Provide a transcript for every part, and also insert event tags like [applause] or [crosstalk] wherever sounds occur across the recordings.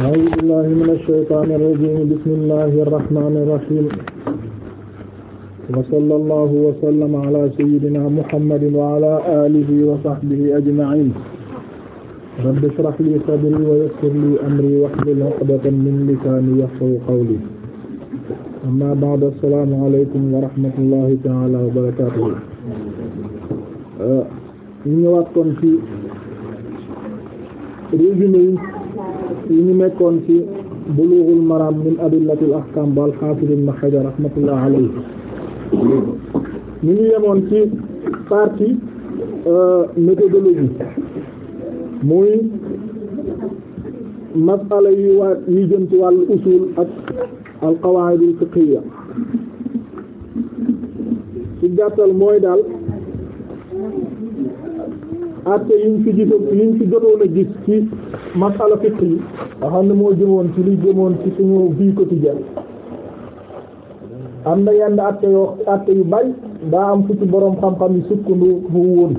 a'uuzu billaahi mina shaytaani rajiim bismillaahi rahmaani rahiim wa sallallaahu wa sallama alaa sayyidinaa muhammadin wa alaa aalihi wa sahbihi ajma'iin rabbi shrah lii sadrii wa yassir lii amrii wahlul uqdatan min lisaanii yafqahuu qawlii ammaa ba'du assalaamu aleykum wa rahmatullaahi ta'aalaa wa barakaatuh ñu ñëwaat kon ci résumé yi ñu nekkoon ci bulughul maram min adillatil ahkam ba al-hafiz ibn hajar rahmatullah alayhi ñu yemoon ci partie euh, méthodologie muy masala yi waa yi jëm ci wàllu usul ak al qawaid al fiqhiyya ci gàttal mooy daal atte yiñ fi gisoon yiñ fi jotoon a gis ci masala fiqh yi nga xam ne moo jëmoon ci li jëmoon ci suñu vie quotidienne am na yenn atte yoo atte yu bari daa am fu boroom xam-xam yi sukkandiku woon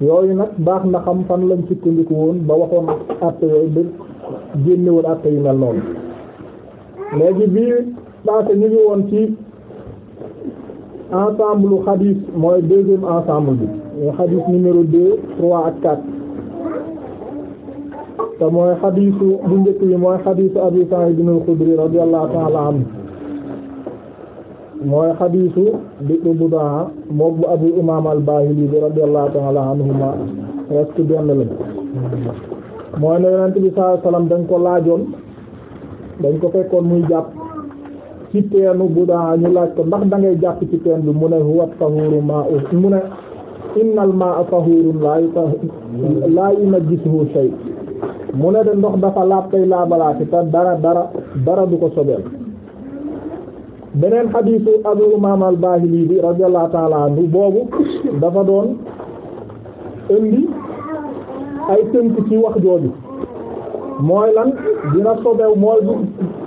yooyu nag baax na xam fan lañ sukkandiku woon ba waxoon atte yooyu ba génne woon atte yu mel noonu léegi bii paase ñu woon ci ensemble xadiis mooy deuxième ensemble bi xadiis numéro deux trois ak quatre te mooy xadiisu bu njëkk bi mooy xadiisu Abi Sa'id al-Khudri radiyallahu ta'ala mooy xadiisu bi Abu Daa bu Abu Umaama al-Baahili bi radiyallahu ta'ala anhuma rek benn la mooy ne Yonent bi sallallahu dañ ko laajoon dañ ko fekkoon muy jàpp ci teenu bu ñu laaj ko ndax dangay ngay jàpp ci teen bi mu ne huwa tahuuru maa'u mu ne innal maa'a tahuurun laa laa yunajjisuhu shay' mu ne de ndox dafa laab laabalaati te dara dara dara du ko sobeel beneen xadiisu Abu Umaama al-Baahili bi radiyallahu ta'ala boobu dafa doon indi ay tënk ci wax jooju mooy lan dina sobeew mooy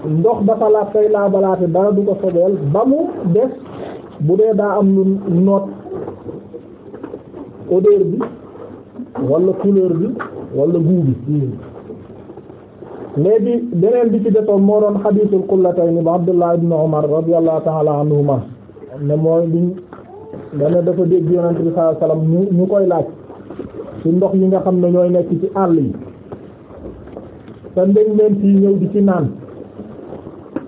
ndox dafa laab tey laabalaati dara du ko sobeel ba mu des bu dee daa am lu noot odeur bi wala couleur bi wala goût léegi beneen bi ci desoon moo doon xadiisul qullatayni ba Abdullah ibn Umar radiyallahu ta'ala anhuma ne mooy liñ dana dafa dégg yonent bi sallallahu alayhi wasallam ñu ñu koy laaj ci ndox nga xam ne ñooy nekk ci àll yi te ndéñ-ndéñ yi ñëw di ci naan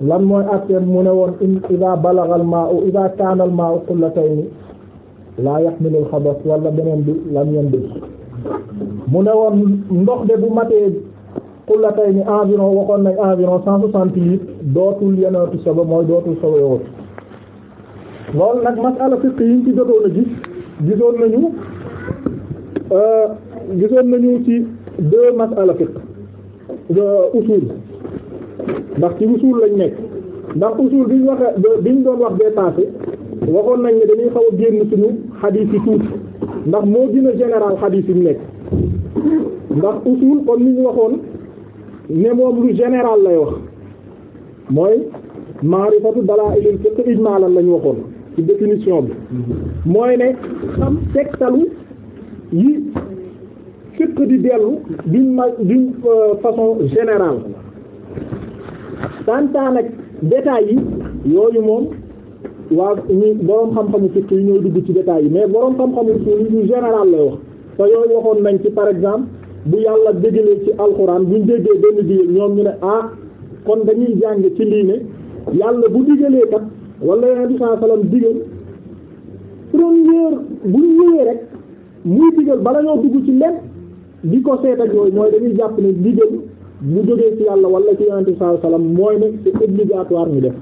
lan mooy àtteem mu ne woon in idaa balagal maa'u idaa kaanal maa'u qullatayni laa yaxmilul xabas wala beneen bi lam yanbi mu ne woon ndox de bu matee pour xullatay ni environ waxoon nañ environ cent soixante-huit dootul yenootu saba mooy dootul saba yow loolu nag masala fiqh yi ñu ci jotoon a gis gisoon nañu euh, ci deux masala fiqh usul ndax ci usul lañ nekk ndax usul biñ waxe biñ doon wax bee passé waxoon nañ ne dañuy xaw a génn suñu xadiis yi tuuti ndax moo gën a général xadiis yi nekk ndax usul kon ni waxoon ne moom lu général lay wax mooy maarifatu dalaa'ilil fiqh ijmaalan lañu waxoon ci définition bi mooy ne xam tegtalu yi fiqh di dellu d'une ma d'une euh, façon général tantaan ak détails yi yooyu moom waa ñu boroom xam-xamu fiqh yi ñooy dugg ci détails yi mais boroom xam-xamu fiqh ñu général lay wax te yooyu waxoon nañ ci par exemple bu yàlla dégalee ci alxuraan buñ déggee benn digal ñoom ñu ne ah kon dañuy jàng ci lii ne yàlla bu digalee kat wala yonent bi sallallahu alayhi wasallam digal rek muy digal bala ñoo dugg ci lenn di ko seet ak yooyu mooy dañuy jàpp ne digal bu jógee ci yàlla wala ci yonent bi sallallahu alayhi wasallam mooy ne c'est obligatoire ñu def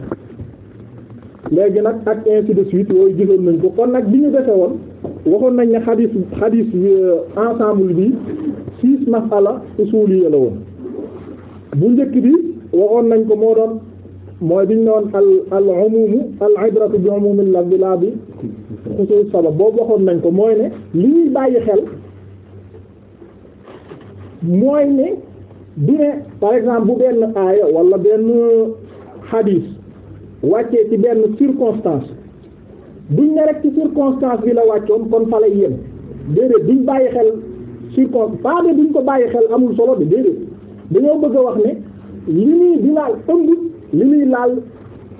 léegi nag ak ainsi de suite yooyu gisoon nañ ko kon nag bi ñu defee woon waxoon nañ ne xadis xadis euh, ensemble bi six masala usuliya la woon bu njëkk bi waxoon nañ ko moo doon mooy biñ ne woon al al umumu al ibratu bi umumil laf bi bi xusuus sabab boobu waxoon nañ ko mooy ne li ñuy bàyyi xel mooy ne du ne par exemple bu benn aaya wala benn hadith wàccee ci benn circonstance duñ ne rek ci circonstance bi la wàccoon kon fa lay yem déedéet duñ bàyyi xel circon pas de duñ ko bàyyi xel amul solo de déedéet dañoo bëgg wax ni li muy di laal ëmb li muy laal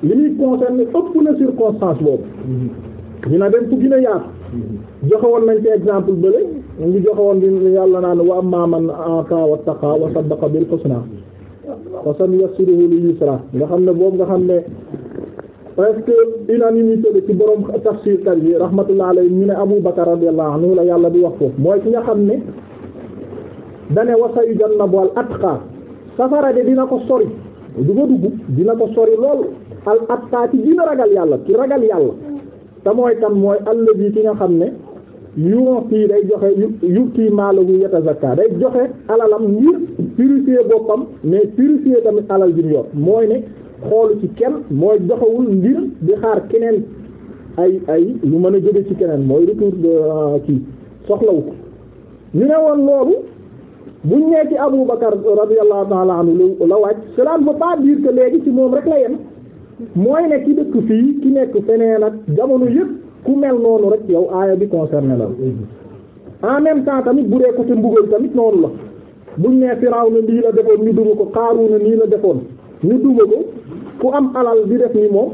li muy concerné ëpp na circonstance boobu mm-hmm. ñu ne dem fu gën a yaatu mm-hmm. woon nañ ci exemple bële ñu ngi joxe woon bi yàlla naan wa ammaa man aataa wattaqa wa saddaqa bil husnaa wa sanuyassiruhu lil yusraa nga xam ne boobu nga xam ne presque unanimité la ci borom tafsir kat yi rahmatullah alayhi ñu ne Abu Bakar radiyallahu anhu la yàlla di wax foofu mooy ki nga xam ne dane wasayu jannabu al atqa safara de dina ko sori du ma dugg dina ko sori lool al atqa ci dina ragal yàlla ci ragal yàlla te mooy tam mooy allazi ki nga xam ne yu'ti day joxe yu yu'ti maalahu yatazakka day joxe alalam ngir purifier boppam mais purifier tamit alal bi mu mooy ne xoolu ci kenn mooy joxewul ngir di xaar keneen ay ay lu mën a jóge ci keneen mooy retour de euh, kii soxlawu ko ne woon loolu bu ñu nee ci Abu Bakar radiyallahu ta'ala anhu la wàcc cela ne veut pas dire que léegi ci moom rek la yem mooy ne ki dëkk fii ki nekk feneen ak jamono yëpp ku mel noonu rek yow aaya bi concerné la en même temps tamit bu dee côté mbugal tamit noonu la buñ nee Firawna lii la defoon ñu duma ko na nii la defoon ñu duma ko ku am alal di def ni moom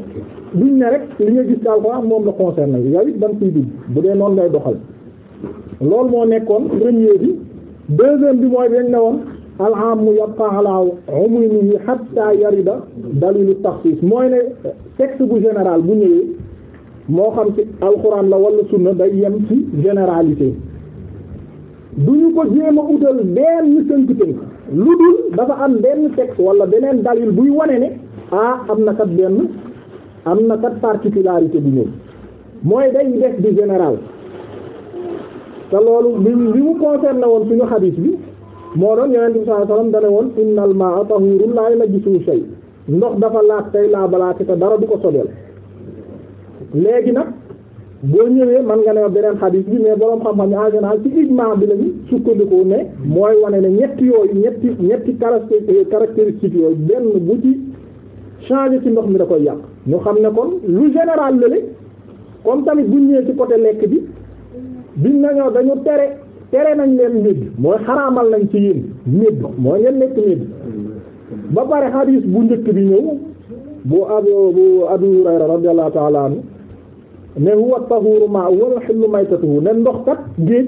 buñ ne rek li nga gis ci Alxuraan moom la concerné yow it da nga siy dugg bu dee noonu ngay doxal loolu moo nekkoon premier bi. deuxième bi mooy dañ ne woon alham mu yabqa ala umumihi hatta yarida dalilu taxsiis mooy ne texte bu général bu ñëwee moo xam ci alxuraan la wala sunna day yem ci généralité du ñu ko jéem a utal benn tënk lu dul dafa am benn texte wala beneen dalil buy wane ne ah am na kat benn am na kat particularité bu ñëw mooy day def di général te loolu li li mu concerné woon suñu xadiis bi moo doon yonent bi sallallahu alayhi wasallam dane woon innal ma'a tahurun la yajsu shay ndox dafa laat tey laa balaate te dara du ko sobeel léegi nag boo ñëwee man nga ne beneen xadiis bi mais boroom xam-xam yi en général ci ijmaa bi lañu sukkandiku ne mooy wane ne ñetti yooyu ñetti ñetti caractéristiques yooyu benn bu ci changé ci ndox mi da koy yàq ñu xam ne kon lu général lële comme tamit bu ñëwee ci côté lekk bi na nañoo dañu tere tere nañ leen médd mooy xaraamal nañ ci yéen médd mooy ngeen nekk médd ba pare xadiis bu njëkk bi ñëw bu abu bu abu hurayra radiyallahu ta'ala ne huwa tahuru ma wal hillu maytatuhu ne ndox kat géej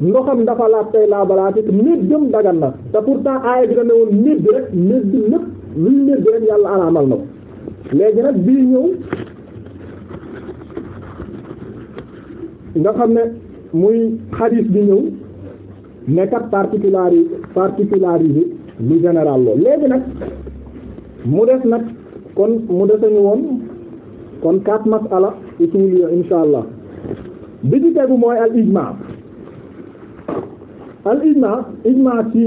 ndoxam dafa laaj tey laa balaa te méddam dagan na te pourtant aaya bi da ne woon médd rek médd lépp luñ médd rek yàlla araamal na ko léegi nag bii ñëw nga xam ne muy xadis bi ñëw nekkat particulari particularisé lu général loolu léegi nag mu des nag kon mu desañu woon kon quatre masala usuliyya insha allah bi ci tegu mooy al ijma al ijma ijma ci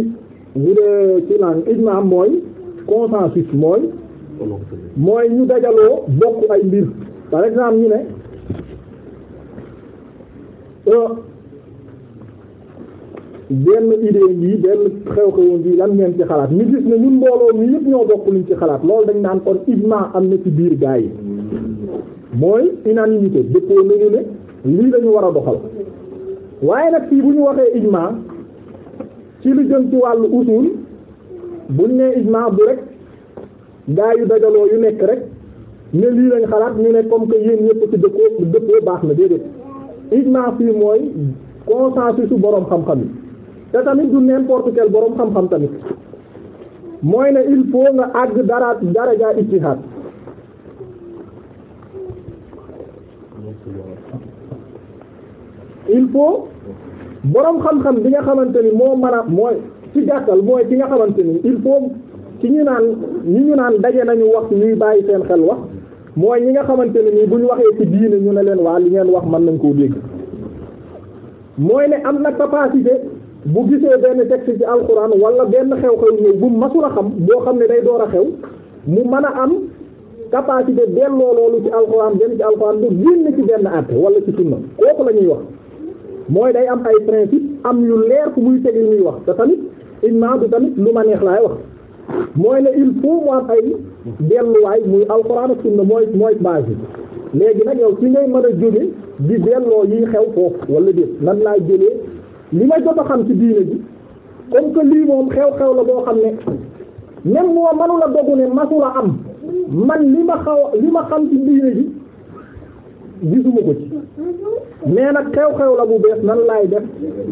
bu dee ci lan ijma mooy mooy mooy ñu dajaloo bokk ay mbir par exemple ñu ne Euh, benn idée ngi benn xew-xewoon bi lan ngeen ci xalaat ni gis ne ñun mbooloo mi yëpp ñoo bokk luñ ci xalaat loolu dañ naan kon ijma am na ci biir gaa yi mooy unanimité dëppoo nañu ne lii lañu war a doxal waaye nag fii bu ñu waxee ijma ci lu jëm ci wàllu usul buñ nee ijma bu rek gaa yu dajaloo yu nekk rek ne lii lañ xalaat ñu ne comme que yéen ñëpp ci dëppoo dëppoo baax na déedéet ijmaa fii mooy consensus su boroom xam-xam yi te tamit du n'importe quel boroom xam-xam tamit mooy ne il faut nga àgg dara daraat daraja ijtihaad il faut boroom xam-xam bi nga xamante ni moo mën a mooy ci gàttal mooy ci nga xamante ni il faut ci ñu naan ñu ñu naan daje nañu wax ñuy bàyyi seen xel wax mooy ñi nga xamante ne nii bu ñu waxee ci diine ñu ne leen waa li ngeen wax man nañ koo dégg mooy ne am na capacité bu gisee benn texte ci alxuraan wala benn xew-xew ñëw bu masula xam boo xam ne day door a xew mu mën a am capacité delloo loolu ci alxuraan benn ci alxuraan bu génn ci benn àtte wala ci sunna kooku la ñuy wax mooy day am ay principe am yu leer ku muy teg li ñuy wax te tamit imma du ma neex laay wax mooy ne il faut mu am ay delluwaay muy alxuraan ak sunna mooy mooy base bi léegi nag yow ci ngay mën a jóge di delloo yiy xew foofu wala déet nan laa jëlee li ma jot a xam ci diine ji comme que lii moom xew-xew la boo xam ne même moo mënula dogu ne masula am man li ma xaw li ma xam ci diine ji gisuma ko ci mais nag xew-xew la bu bees nan laay def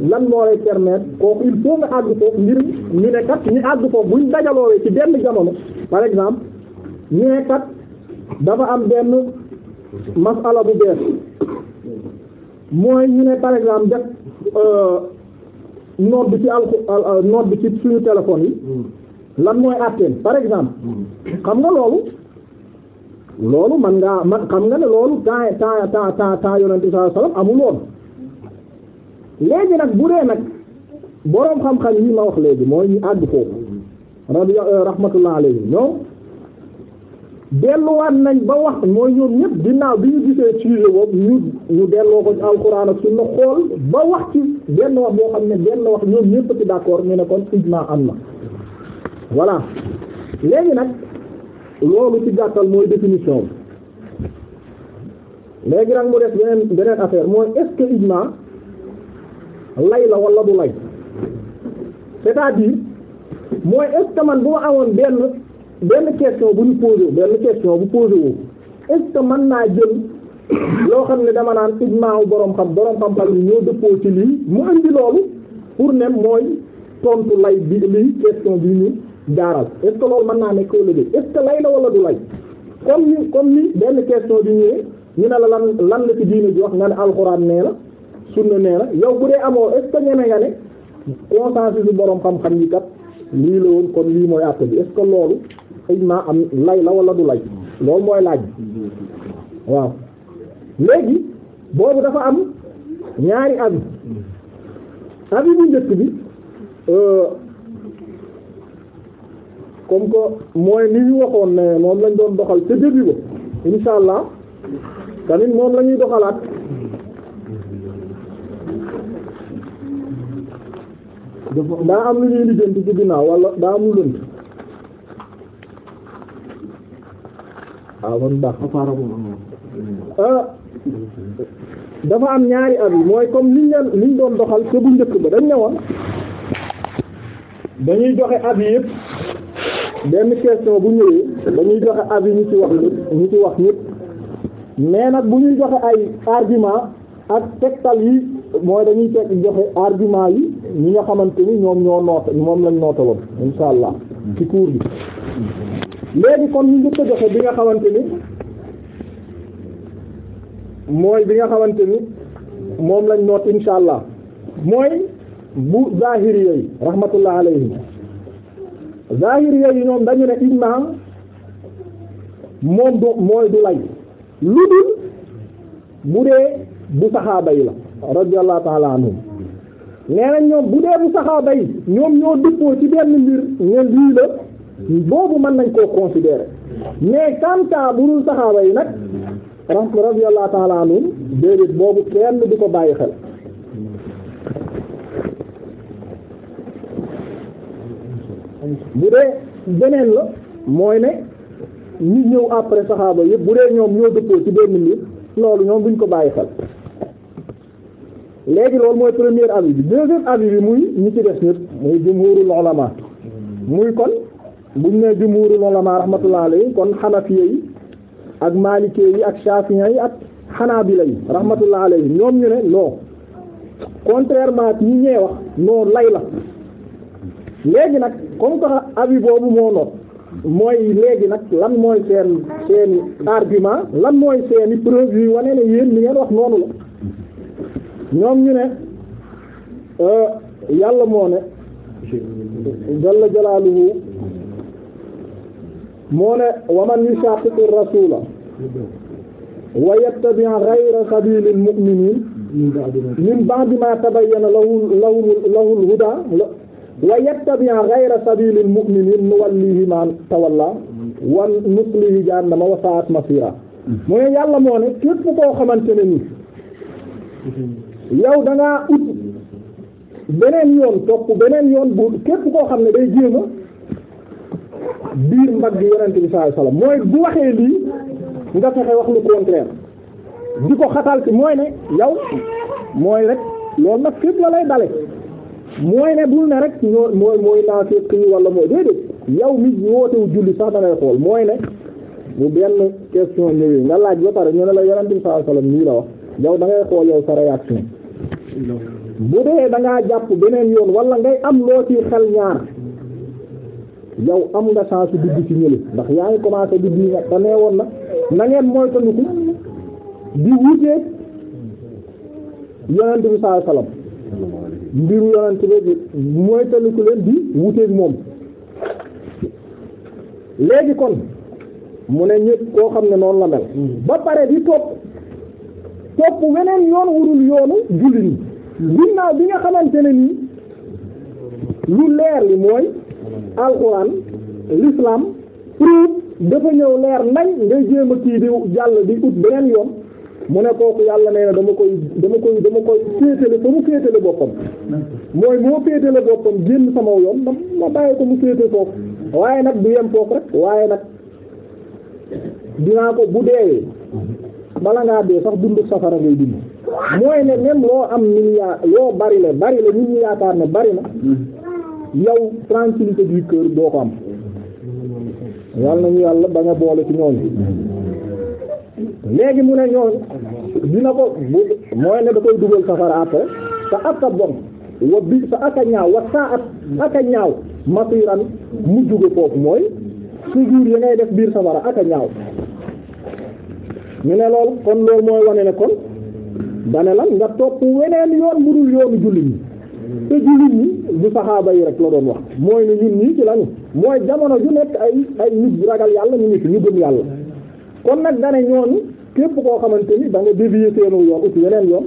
lan moo lay permettre kooku il faut àgg foofu ngir ñu ne kat ñu àgg foofu buñ dajaloowee ci benn jamono par exemple ñee kat dafa am benn masala bu bees mooy ñu ne par exemple def euh, note bi ci alxu euh, note bi ci suñu téléphone yi hmm. lan mooy àtteen par exemple hmm. xam nga loolu loolu man ngaa man xam nga ne loolu temps temps temps temps temps yonente sallallahu alayhi léegi nag bu dee nag boroom xam-xam yi ma wax léegi mooy ñu àgg foofu hmm. ra euh, rahmatullah alayhi ñoom delluwaat nañ ba wax mooy ñoom ñëpp ginnaaw bi ñu gisee sujet boobu ñu ñu delloo ko ci alxuraan ak sunna xool ba wax ci benn boo xam ne benn wax ñoom ñëpp ci d'accord ñu ne kon ijmaa am na voilà léegi nag loolu ci gàttal mooy définition bi léegi nag mu def beneen beneen mooy est-ce lay la wala du lay cest à mooy est man bu amoon benn benn question bu ñu posé benn question bu posé wu est-ce naa jël [coughs] loo xam ne dama naan ijmaaw borom xam boroom xam-xam yi ñoo dëppoo ci lii mu indi loolu pour ne mooy tontu lay bi lii question bi ñu jaaral est loolu mën naa nekk wala déet est lay la wala du lay comme ni comme ni benn question bi ñëwee ñu ne la lan lan la ci diine ji wax nga ne alxuraan nee na sunna nee na yow bu dee amoo est-ce que ñeme nga ne consensus borom xam-xam yi kat lii woon kon lii mooy àtte loolu. xëy naa am lay la wala du lay loolu mooy laaj waaw léegi boobu dafa am ñaari abi abi bu njëkk bi euh, comme que mooy li ñu ne moom lañ doon doxal ca début ba insha allah tamit moom la ñuy doxalaat daa am lu ñuy lijjanti ci ginnaaw wala daa am lu lënt waaw kon baax ah, dafa am ñaari ab yi mooy comme liñ leen liñ doon doxal te bu njëkk ba dañ ne woon dañuy joxe ab yi yëpp benn question bu ñëwee dañuy joxe ab yi ñu ci wax ñëpp ñu ci wax ñëpp mais nag bu ñuy joxe ay argument ak tegtal yi mooy dañuy teg joxe argument yi ñi nga xamante ni ñoom ñoo noot moom lañ nootaloon insha allah ci kuur gi léegi kon ñu njëkk a joxe bi nga xamante ni mooy bi nga xamante ni moom lañ noot insha allah mooy bu zahir yooyu rahmatullah alayhi zahir yooyu ñoom dañu ne ijmaa moom du mooy du lay lu dul bu dee bu saxaaba yi la radiyallahu ta'ala anhum nee nañ ñoom bu dee bu saxaaba yi ñoom ñoo dëppoo ci benn mbir ñeen lii la boobu mën nañ koo considérer mais kanta bu dul saxaaba yi nag rahma radiyallahu ta'ala anhum déedéet boobu kenn di ko bàyyi xel bu dee beneen la mooy ne ñu ñëw après saxaaba yëpp bu dee ñoom ñoo dëppoo ci benn mbir loolu ñoom duñ ko bàyyi xel léegi loolu mooy premier avis bi deuxième avis bi muy ñi ci des ñëpp muy jumhurul ulama muy kon buñ ne jumhuurul ulamaa rahmatullahi alayhi kon xanafiya yi ak maalikee yi ak shafiya yi ak xanaabila yi rahmatullahi alayhi ñoom ñu ne non contrairement ñu ñi ñee wax non lay la léegi nag comme que avis boobu moo noot mooy léegi nag lan mooy seen seeni argument lan mooy seeni preuve yuy wane ne yéen li ngeen wax noonu la ñoom ñu ne euh, yàlla moo ne jalla jalaaluhu moo ne wa man yushaqiqi rasula wa yattabi' ghayra sabilil mu'minin min ba'di ma tabayyana lahu lahu al-huda wa yattabi' ghayra sabilil mu'minin nuwallihi ma tawalla wa nuslihi jahannama wa sa'at masira mu ne yàlla moo ne képp ko xamante ne nii yow dangaa ut beneen yoon topp beneen yoon bu képp koo xam ne day jéema biir mag yonent bi sallallahu alayhi wasallam mooy bu waxee lii nga fexe wax lu contraire di ko xatal ci mooy ne yow mooy rek loolu nag fépp la lay dale mooy ne bul ne rek ñoo mooy mooy naa fépp yi wala mooy déedéet yow mi wootewu julli sax da ngay xool mooy ne bu benn question ñëwee nga laaj ba pare ñu ne la yonent bi sallallahu alayhi la wax yow da ngay xool yow sa réaction bu dee da jàpp beneen yoon wala ngay am loo ci xel ñaar yow am nga chance dugg ci ñële ndax yaa ngi commencé na na ngeen moytandiku di wutee yonent bi saa salaam mbiru yonent bi moytandiku leen di wuteeg ne koo xam ne noonu la di topp bi nga xamante ne nii lu leer li mooy alquran l'islam preuve dafa ñëw leer nañ ngay jéem a kii di jàll di ut beneen yoon mu ne kooku yàlla nee na dama koy dama koy dama koy féetale ba mu féetale boppam mooy moo féetale boppam génn sama yoon ma ma bàyyi ko mu féete foofu waaye nag bu yem foofu rek waaye nag dinaa ko bu deewee bala ngaa dee sax dundu safara ngay dund mooy ne même loo am milliard loo bari la bari la ñun yaakaar ne bari na yaw tranquillité du cœur doo ko am yàlla nañu yàlla ba nga boole ci ñooñu léegi mu ne ñooñu dina ko bu mooy ne da koy dugal safara après te aka bon wa bi sa aka ñaaw wa saa at aka ñaaw masiran mu jóge foofu mooy toujours yi ngay def biir safara aka ñaaw ñu ne lool kon loolu mooy wane ne kon dane lan nga topp weneen yoon budul yoonu julli ñi te jullit ñi du saxaaba yi rek la doon wax mooy ne ñun ñii ci lañu mooy jamono ju nekk ay ay nit ragal yàlla ñu ngi fi ñu gëm yàlla kon nag dane ñoonu képp koo xamante ni da nga dévier seenu yoon uti yeneen yoon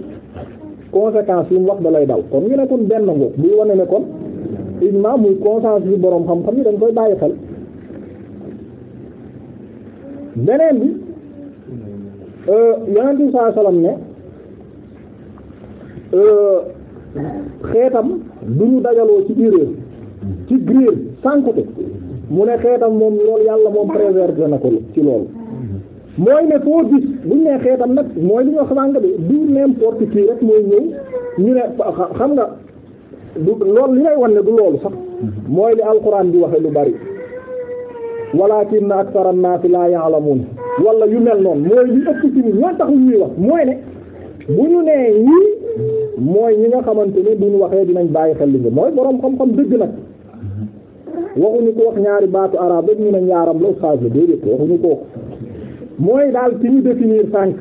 conséquence yi mu wax da lay dal kon ñu ne kon benn ngoog buy wane ne kon ijma muy conscience bi boroom xam-xam ni dañ koy bàyyi xel beneen bi euh, yonent bi ne euh, xeetam ñu dajaloo ci biir ci biir sànkute mu ne xeetam moom loolu yàlla moom préservé na ko ci loolu mooy ne foo gis buñ ne xeetam nag mooy li ñu wax sànq bi du n'importe qui rek mooy ñu ne xam nga du loolu lay wan ne du sax mooy li alquran di waxe lu bari walakin akthara an-naasi la ya'lamun wala yu mel noonu mooy li ëpp ci ñi ñoo tax ñuy wax mooy ne bu ñu nee ñii mooy ñi nga xamante ne duñ waxee dinañ bàyyi xel li nga mooy borom xam-xam dëgg nag waxuñu ko wax ñaari baatu arabe rek ñu ne ñaaram la ustaas la déedéet waxuñu ko mooy daal ci ñu définir sànq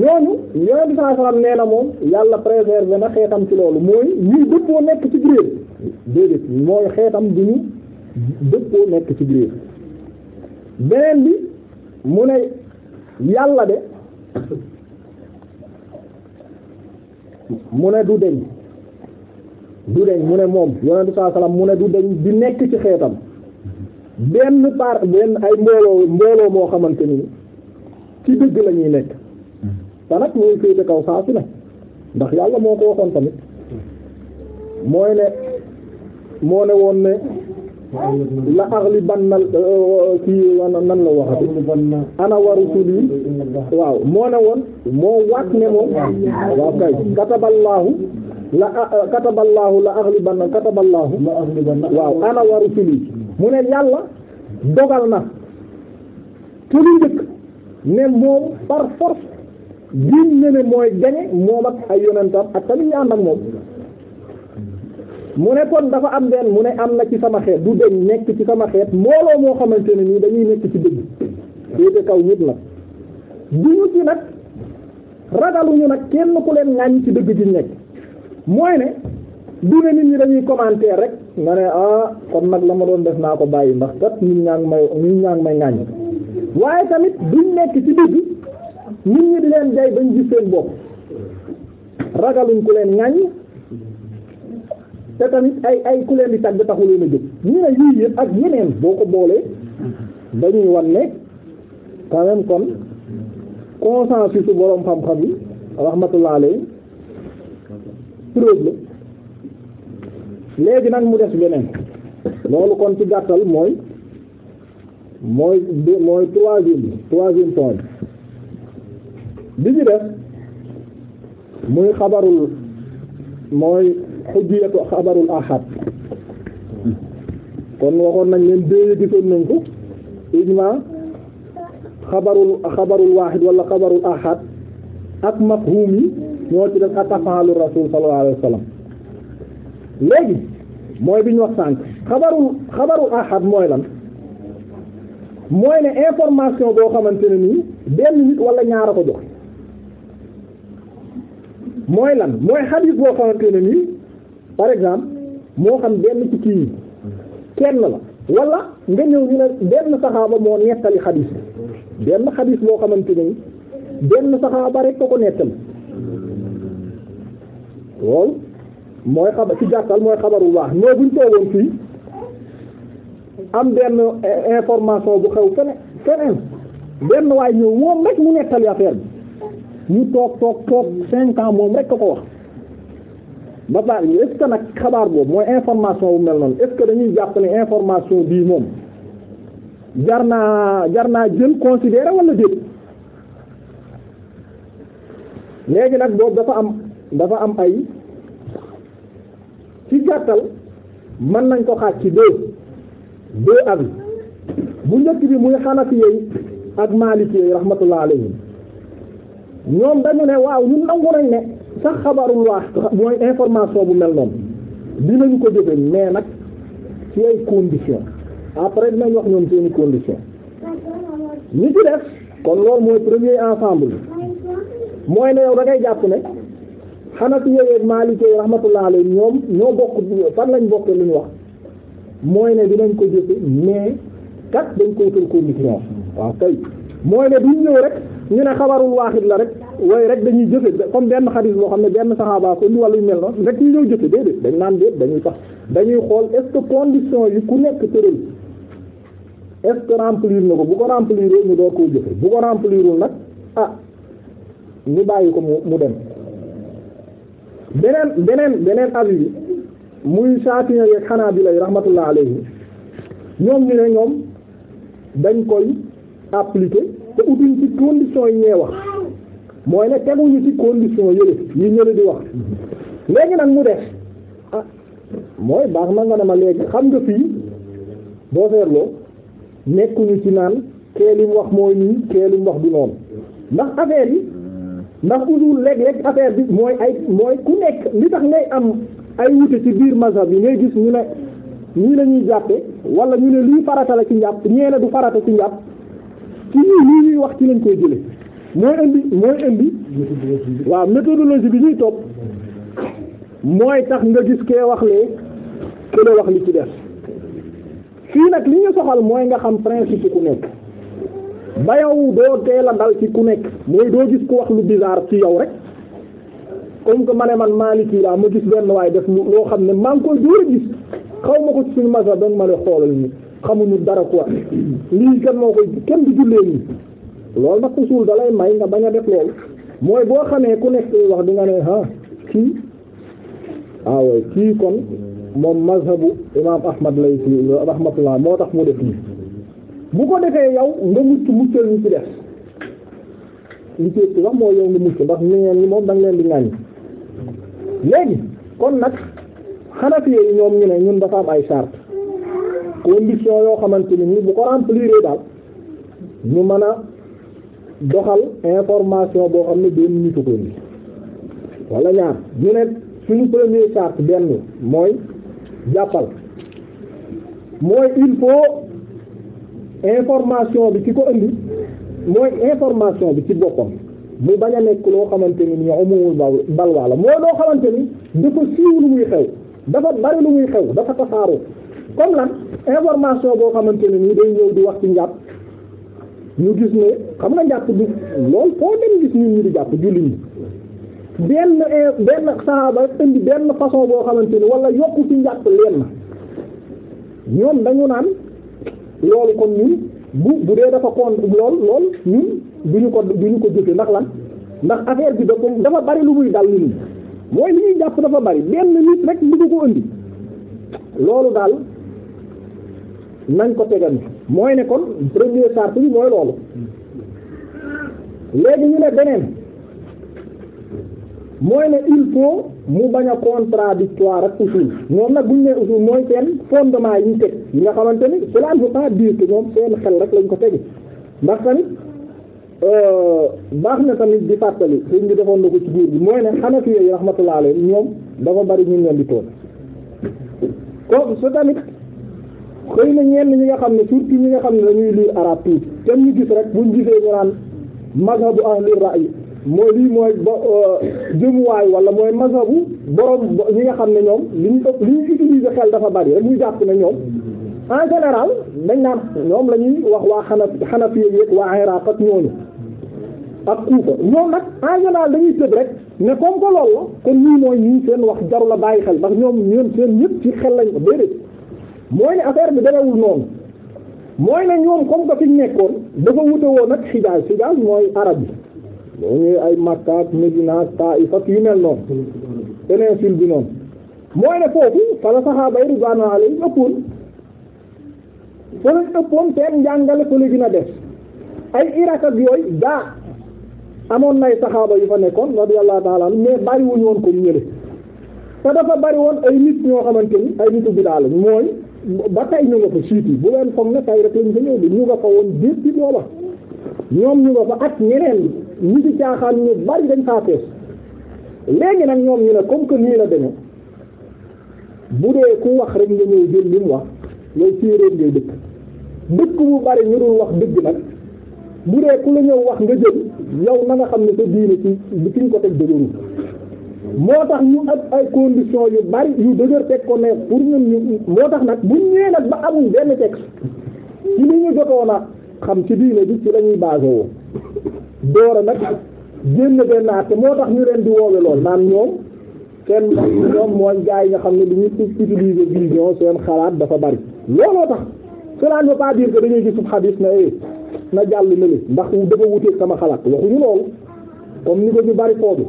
ñooñu yonent bi sallallahu alayhi wasallam na moom yàlla préserver na xeetam ci loolu mooy ñuy dëppoo nekk ci biir déedéet mooy xeetam du dëppoo nekk ci biir beneen bi mu ne yàlla de mu ne du deñ du deñ mu ne moom yonente saa salaam mu ne du deñ di nekk ci xeetam benn par benn ay mbooloo mbooloo moo xamante ni ci dëgg la ñuy nekk te nag mooy féete kaw saa su ne ndax yàlla moo ko waxoon tamit mooy ne moo ne woon ne laxar li ban na euh, kii nan la waxati ana waru sud yi waaw moo ne woon moo waat ne moom waaw kay kataballaahu la euh, kataballaahu la axli banna kataballaahu waaw ana waru mu ne yàlla dogal na te njëkk ne moom par force gin ne ne mooy gañe moom ak ay yonentam ak tamit ñaan ak moom mu ne kon dafa am benn mu ne am na ci sama xeet du deñ nekk ci sama xeet mbooloo moo xamante ne nii dañuy nekk ci dëgg kaw ñëpp nag du ñu nag ragaluñu nag kenn ku leen ŋàññ ci dëgg ji nekk mooy ne du ne nit ñi dañuy commenter rek nga ne ah kon nag la ma doon def naa ko bàyyi ndax kat ñun ñaa ngi may ñun ñaa ngi may ŋàññ waaye tamit duñ nekk ci dëgg nit ñi di leen jay bañ gis seen bopp ragaluñ ku leen ŋàññ te tamit ay ay ku leen di tàgg taxu leen a jóg ñu ne yii yëpp ak yeneen boo ko boolee dañuy wan ne quand même kon consensus su boroom xam-xam yi rahmatullah alayhi preuve la léegi nag mu des beneen loolu kon ci gàttal mooy mooy mooy troisième bi troisième point bi bi ñu def muy xabarul mooy xujjiyatu xabarul ahad kon waxoon nañ leen déye gisoon nañ ko ijma xabarul xabarul wahid wala xabarul ahad ak mafhum yi ñoo ci def ak afaalu rasul sallallahu alayhi léegi mooy bi ñu wax sànk xabarul xabarul ahad mooy lan mooy ne information boo xamante ne nii benn nit wala ñaar a ko jox mooy lan mooy xadiis boo xamante nii par exemple moo xam benn ci kii kenn la wala nga ñëw ñu ne benn saxaaba moo nettali xadiis bi benn xadiis boo xamante ne benn saxaaba rek ko ko nettal loolu mooy xabar ci gàttal mooy xabar bu baax ñoo buñ toogoon fii am benn information bu xew fene feneen benn waay ñëw moom rek mu nettali affaire bi ñu toog toog toog cinq ans moom rek ko ko wax ba pare est ce nag xabaar boobu mooy information bu mel noonu est dañuy jàpp ne information bii moom jar naa jar naa jël considérer wala déet léegi nag boobu dafa am dafa am ay ci gàttal mën nañ ko xaaj ci deux deux avis bu njëkk bi muy xanafi yi ak maliki yi rahmatullah alayhim ñoom dañu ne waaw ñun nangu nañ ne. sax xabarul waax mooy information bu mel noonu dinañ ko jëfe mais nag ci ay condition après dinañ wax ñoom seeni condition ñi ci def kon loolu mooy premier ensemble mooy ne yow da ngay jàpp ne xanatu yeeg Maliki rahmatullah alayhi ñoom ñoo bokk fan lañ bokkee lu ñu wax mooy ne dinañ ko jëfe mais kat dañ ko wutal condition waaw kay mooy ne duñ ñëw rek ñu ne xabarul waaxit la rek waaye rek dañuy jëfe comme benn xadis boo xam ne benn saxaaba ko indi wala yu mel noonu rek ñu ñëw jëfe déedéet dañ naan déet dañuy tax dañuy xool est-ce que condition yi ku nekk tëral est-ce ko bu ko rek ñu door bu ko remplirul nag ah ñu bàyyi ko mu dem beneen beneen beneen avis yi muy Shafi'i yeeg bi lay rahmatullah alayhi ñoom ñu ne ñoom dañ koy appliquer te utuñ ci condition yi ñee wax mooy nag ne teguñu ci condition yële yi ñële di wax léegi nag mu def ah mooy baax na nga ne ma léegi xam nga fii boo seetloo nekkuñu ci naan kee lim wax mooy nii kee lim wax du noonu ndax affaire yi ndax usul léeg-léeg affaire bi mooy ay mooy ku nekk li tax ngay am ay wute ci biir mazhab yi ngay gis ñu ne ñii la ñuy jàppe wala ñu ne lii farata la ci njàpp ñee ne du farata ci njàpp ci ñii lii ñuy wax ci lañ koy jële mooy indi mooy indi waaw méthodologie bi ñuy topp mooy tax nga gis kee wax lee kee wax li ci def fii nag li ñu soxal mooy nga xam principe ku nekk ba yow doo teel a dal ci ku nekk mooy doo gis ku wax lu bizarre ci yow rek comme que ma ne man Maliki laa ma gis benn waaye def loo xam ne maa ngi koy door a gis xaw ma ko ci suñu ma doon ma ne xoolal ñu xamuñu dara quoi lii kenn moo koy kenn du jullee nii loolu nag ku da lay may nga bañ a def loolu mooy boo xamee ku nekk wax di nga ne ah kii ah waaye kii kon moom mazhabu imaam Ahmad lay fi rahmatullah moo tax mu def nii bu ko defee yow nga mucc muccal ñu ci def li ci ki wax moo yow nga mucc ndax ñeneen moom da leen di ñaan léegi kon nag Hanafi yi ñoom ñu ne ñun dafa am ay charte condition yoo xamante ni bu ko remplir daal ñu mën a. doxal information boo xam ne benn nit ko indi wala ñaar ñu suñu premier charte benn mooy jàppal mooy il faut information bi ci ko indi mooy information bi ci boppam mu bañ a nekk loo xamante ni ñoo amul balwaa la mooy loo xamante ni dafa siiw lu muy xew dafa bari lu muy xew dafa tasaaroo comme lan information boo xamante ni nii day ñëw di wax ci njàpp ñu gis ne xam nga jàpp du lool foo dem gis ñun ñu di jàpp julli ñi benn benn saxaaba indi benn façon boo xamante ni wala yokku ci njàpp leen na ñoom dañu naan loolu kon ñun bu bu dee dafa kon lool lool ñun duñu ko duñu ko jëfe ndax lan ndax affaire bi da ko dafa bari lu muy dal ñun mooy li ñuy jàpp dafa bari benn nit rek du ko indi loolu daal nañ ko tegan mooy ne kon premier sart bi mooy loolu léegi ñu ne beneen mooy ne il faut mu bañ a contradictoire ak usul ñoom nag buñ ne usul mooy seen fondement yi ñu nga xamante ni cela ne veut pas dire que ñoom seen xel rek lañ ko tegi ndax tamit euh, baax na tamit di fàttali suñ bi defoon na ko ci biir bi mooy ne Hanafi yi rahmatullah alayhim ñoom dafa bari ñu leen di tool ko su tamit xëy na ñenn ñi nga xam ne surtout ñi nga xam ne lañuy lii arabe tuuti te ñu gis rek buñ gisee ñu naan mazhabu ahli ra'y mooy lii mooy bo euh, jëmuwaay wala mooy mazhabu borom ñi nga xam ne ñoom li ñu li ñu utiliser xel dafa bari rek ñu jàpp na ñoom en général dañ naan ñoom lañuy wax waa xanaf xanafi yeeg waa iraq ak ñooñu ak kuufa ñoom nag en général dañuy tëb rek ne comme que loolu la kon nii mooy ñu seen wax jaru la bàyyi xel ndax ñoom ñoom seen ñëpp ci xel lañ ko déedéet mooy ne affaire bi demewul noonu mooy ne ñoom comme que fi ñu nekkoon dafa wute woon ak Hijaz Hijaz mooy arab yi boo ñëwee ay Makka ak Medina Taif ak yu mel noonu péninsule bi noonu mooy ne foofu fala saxaaba yi ridwaanu alayhim ëppoon fa lañ ëppoon seen njàngale fa la gën a def ay Irak ak yooyu amoon nay saxaaba yu fa nekkoon radiyallahu ta'ala anhu mais bariwuñu woon comme ñële te dafa bari woon ay nit ñoo xamante ni ay nitu bidaa lañ mooy ba tay ñu nga fa siit yi bu leen foog ne tay rek lañ fa ñëw bi ñu nga fa woon depuis booba ñoom ñu nga fa ak ñeneen ñi ci caaxaan ñu bari dañ faa fees léegi nag ñoom ñu ne comme que nii la dañu bu dee ku wax rek nga ñëw jël li mu wax yow séeréer ngay dëkk dëkk bu bari ñu dul wax dëgg nag bu dee ku la ñëw wax nga jël yow na nga xam ne sa diini ci fi ñu ko teg dëgëru moo tax ñu ak ay conditions yu bari yu dëgër teg ko ne pour ñun moo tax nag buñ ñëwee nag ba amul benn texte ci li ñu jotoon a xam ci diine ji ci la ñuy basé woo doora nag génn benn te moo tax ñu leen di woowe lool naan ñoom kenn ñoom mooy gaa yi nga xam ne du ñu utiliser vision seen xalaat dafa bari looloo tax cela ne veut pas dire que dañuy gis xadis na eh na jàll na li ndax dafa wuteeg sama xalaat waxuñu loolu comme ni ko ñu bari foofu.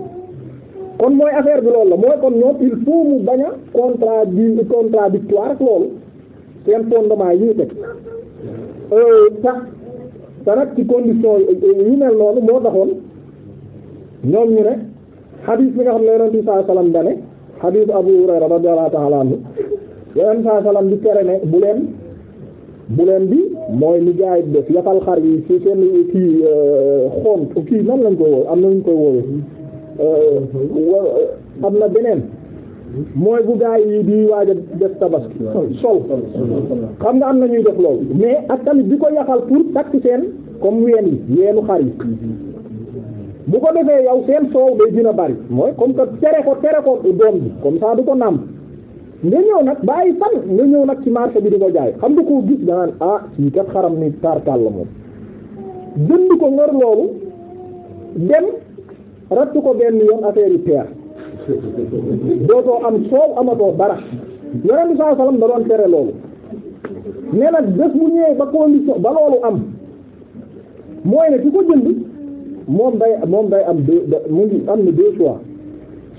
kon mooy affaire bi loolu la mooy kon ñoom il faut mu bañ a contradi contradictoire ak loolu seen fondement yi ñu teg euh, nag ci condition euh, yu mel noonu moo taxoon ñoom ne xadiis bi nga xam ne yonent bi saa salaam dane xadiis Abu Hurayra radiyallahu ta'ala anhu yonent saa salaam di tere ne bu leen bu leen bi mooy ni gaay def yafal xar yi ci seen kii euh, xont kii nan lañ koy woowe am na ñu koy woowe Euh, euh, am na beneen mooy bu gaa yi di waaj a def tabaski sol xam nga am na ñuy def loolu mais ak tamit di ko yaxal pour takk seen comme ween yi weenu xar yi bu ko defee yow seen soow day dina bari mooy comme que tere ko tere ko doom bi comme ça du ko nàmp nga ñëw nag bàyyi fan nga ñëw nag ci marché bi di ko jaay xam nga koo gis danaan ah ci kat xaram ni tarkal la moom jënd ko ngor loolu dem ratt ko benn yoon affaire yi peer dootoo am soow amatoo dara yonent bi sallallahu alayhi wasallam da doon tere loolu mais nag bés bu ñëwee ba condition ba loolu am mooy ne ki ko jënd moom day moom day am deux mu ngi am na deux choix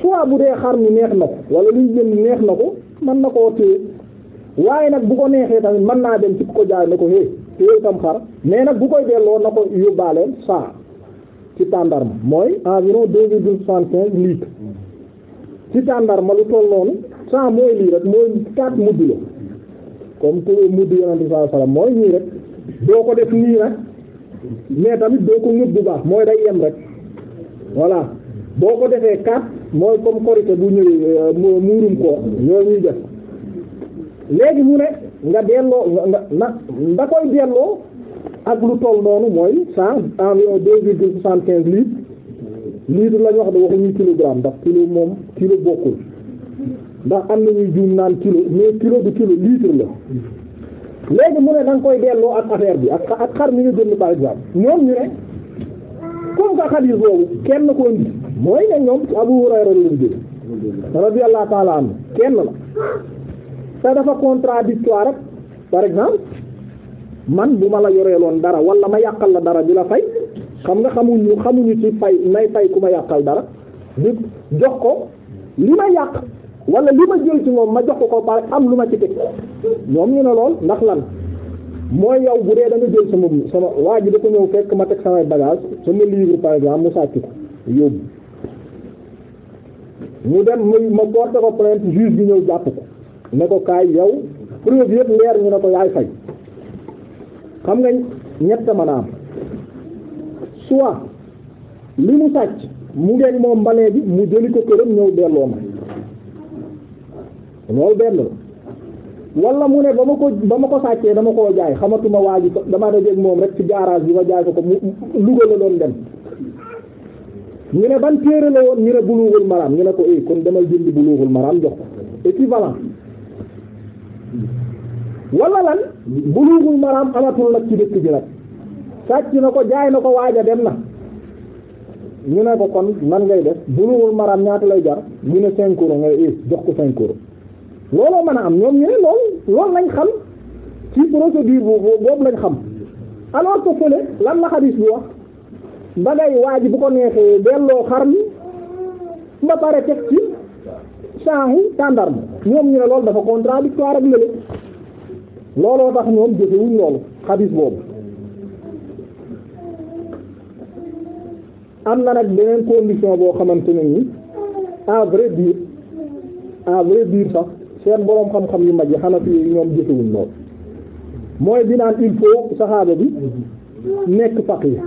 soit bu dee xar mi neex na ko wala luy jënd neex na ko mën na koo téye waaye nag bu ko neexee tamit mën naa dem ci ko jaay ne ko hé téye sam xar mais nag bu koy delloo na ko yóbbaaleen saa ci tàndarma mooy environ deux virgule soixante quinze litres ci tàndarma lu toll noonu cent mooy lii rek mooy quatre mudd la comme que mudd yonente bi sallallahu alayhi ko def nii nag mais tamit doo ko ñëb bu baax mooy day yem rek voilà boo ko defee quatre mooy comme korité bu ñëwee euh, muurum koor ñoo ñuy def léegi mu ne nga delloo nga na nga koy delloo ak lu toll noonu mooy cent environ deux virgule soixante quinze litres litre lañ wax de waxuñu kilogramme ndax kilo moom kilo bokkul ndax am na ñuy juum naan kilo mais kilo du kilo litre la léegi mu ne da koy delloo ak affaire bi ak ak xar mi nga jënd par exemple ñoom ñu ne comme que xadiis boobu kenn ko indi mooy ne ñoom Abu Hurayra lañu jël radiyallahu ta'ala anhu kenn la te dafa contradictoire par exemple man bu ma la yoreeloon dara wala ma yàqal la dara di la fay xam nga xamuñu xamuñu ci fay may fay ku ma yàqal dara di jox ko li ma yàq wala li ma jël ci moom ma jox ko ko pare am lu ma ci teg moom ñu ne lool ndax lan moo yow bu dee da nga jël sama sama waa ji dafa ñëw fekk ma teg samay bagage sama livre par exemple mu sàcc ko yóbbu mu dem ma porté ko plainte juge bi ñëw jàpp ko ne ko kaay yow preuve yëpp leer ñu ne ko yaay fay xam na ñett mën a am soit li mu sàcc mu ngeen moom ba bi mu jëli ko këram ñëw delloo ma loolu benn la mu ne ba ma ko ba ma ko sàccee dama koo jaay xamatuma waa ji dama dajeeg moom rek ci garage bi ma jaay ko ko mu Louga la dem ñu ne ban téere woon ñu ne Bulughul Maram ñu ne ko eh kon demal jënd Bulughul Maram jox ko équivalent wala lan buluugul maraam amatul nag ci dëkk bi nag sàcc na ko jaay na ko waaja dem na ñu ne ko kon man ngay def buluugul maraam ñaata lay jar ñu ne cinq ngay is jox ko cinq euros looloo mën a am ñoom ñu ne loolu loolu lañ xam ci procédure boobu lañ xam alors ko fële lan la xadis bi wax ba ngay waaj bu ko neexee delloo xar mi ba pare teg ci saaxu tàndarma ñoom ñu ne loolu dafa contradictoire ak lële looloo tax ñoom jëfewuñ loolu xadis boobu am na nag beneen condition boo xamante ne ni à vrai dire à vrai sax seen boroom xam-xam yu mag yi Hanafi yi ñoom jëfewuñ loolu mooy dinaan il faut saxaaba bi nekk faqih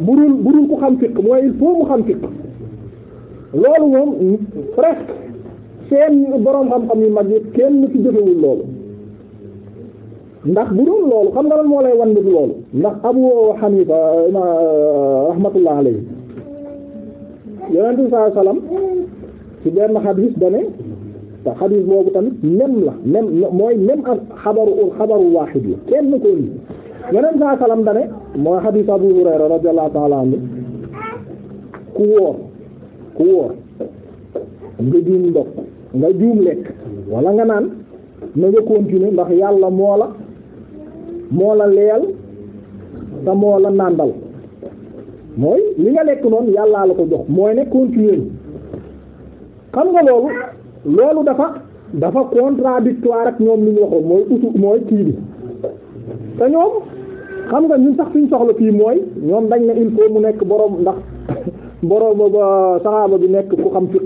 bu dul bu dul ku xam fiq mooy il faut mu xam fiq loolu moom presque seen borom xam-xam yu mag yi kenn ci jëfewul loolu ndax bu doon loolu xam nga lan moo lay wan nit loolu ndax Abu Hanifa rahmatullah alayhi yonent bi sallallahu alayhi wasallam ci benn xadis dane te xadis boobu tamit même la même mooy même ak xabaru xabaru waaxid la kenn ko ni yonent bi sallallahu dane mooy xadis Abu Hurayra radiyallahu ta'ala anhu ku wóor ku wóor nga diin ndox nga juum lekk wala nga naan na nga continuer ndax yàlla moo la moo la leel te moo la nàndal mooy li nga lekk noonu yàllaa la ko jox mooy ne continuer xam nga loolu loolu dafa dafa contradictoire ak ñoom li ñu waxoon mooy utu mooy kii bi te ñoom xam nga ñun sax suñ soxla fii mooy ñoom dañ ne il faut mu nekk boroom ndax [laughs] boroom ba saxaaba bi nekk ku xam fiq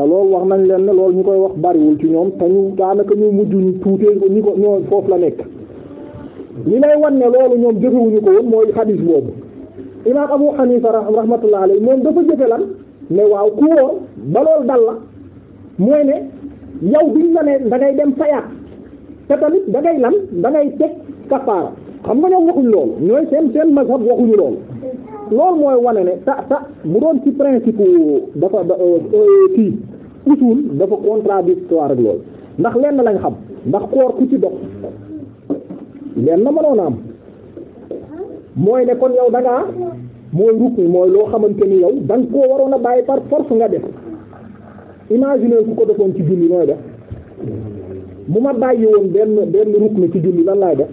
te loolu wax nañ leen ne loolu ñu koy wax bariwul ci ñoom te ñu daanaka ñu mujj ñu tuutee ñu ko ñoo foofu la nekk li lay wan ne loolu ñoom jëfewuñu ko woon mooy xadiis boobu imaam Abu Hanifa rahmatullah alayhi moom dafa jëfe lan ne waaw ku wóor ba loolu dal la mooy ne yow duñ la ne da ngay dem fayaat te tamit da ngay lan dangay ngay teg kafaara xam nga ñoom waxuñu loolu ñooy seen seen mazhab waxuñu loolu loolu mooy wane ne ta ta bu doon ci principe dafa euh, euh, kii usul dafa contradictoire ak loolu ndax lenn lañ xam ndax koor ku ci dox lenn mënoon a am mooy nekkoon kon yow da ngaa mooy rukk mooy loo xamante ni yow da koo waroon a bàyyi par force nga def imagine ku ko defoon ci julli nooy def bu ma bàyyi woon benn benn rukk ci julli lan laay def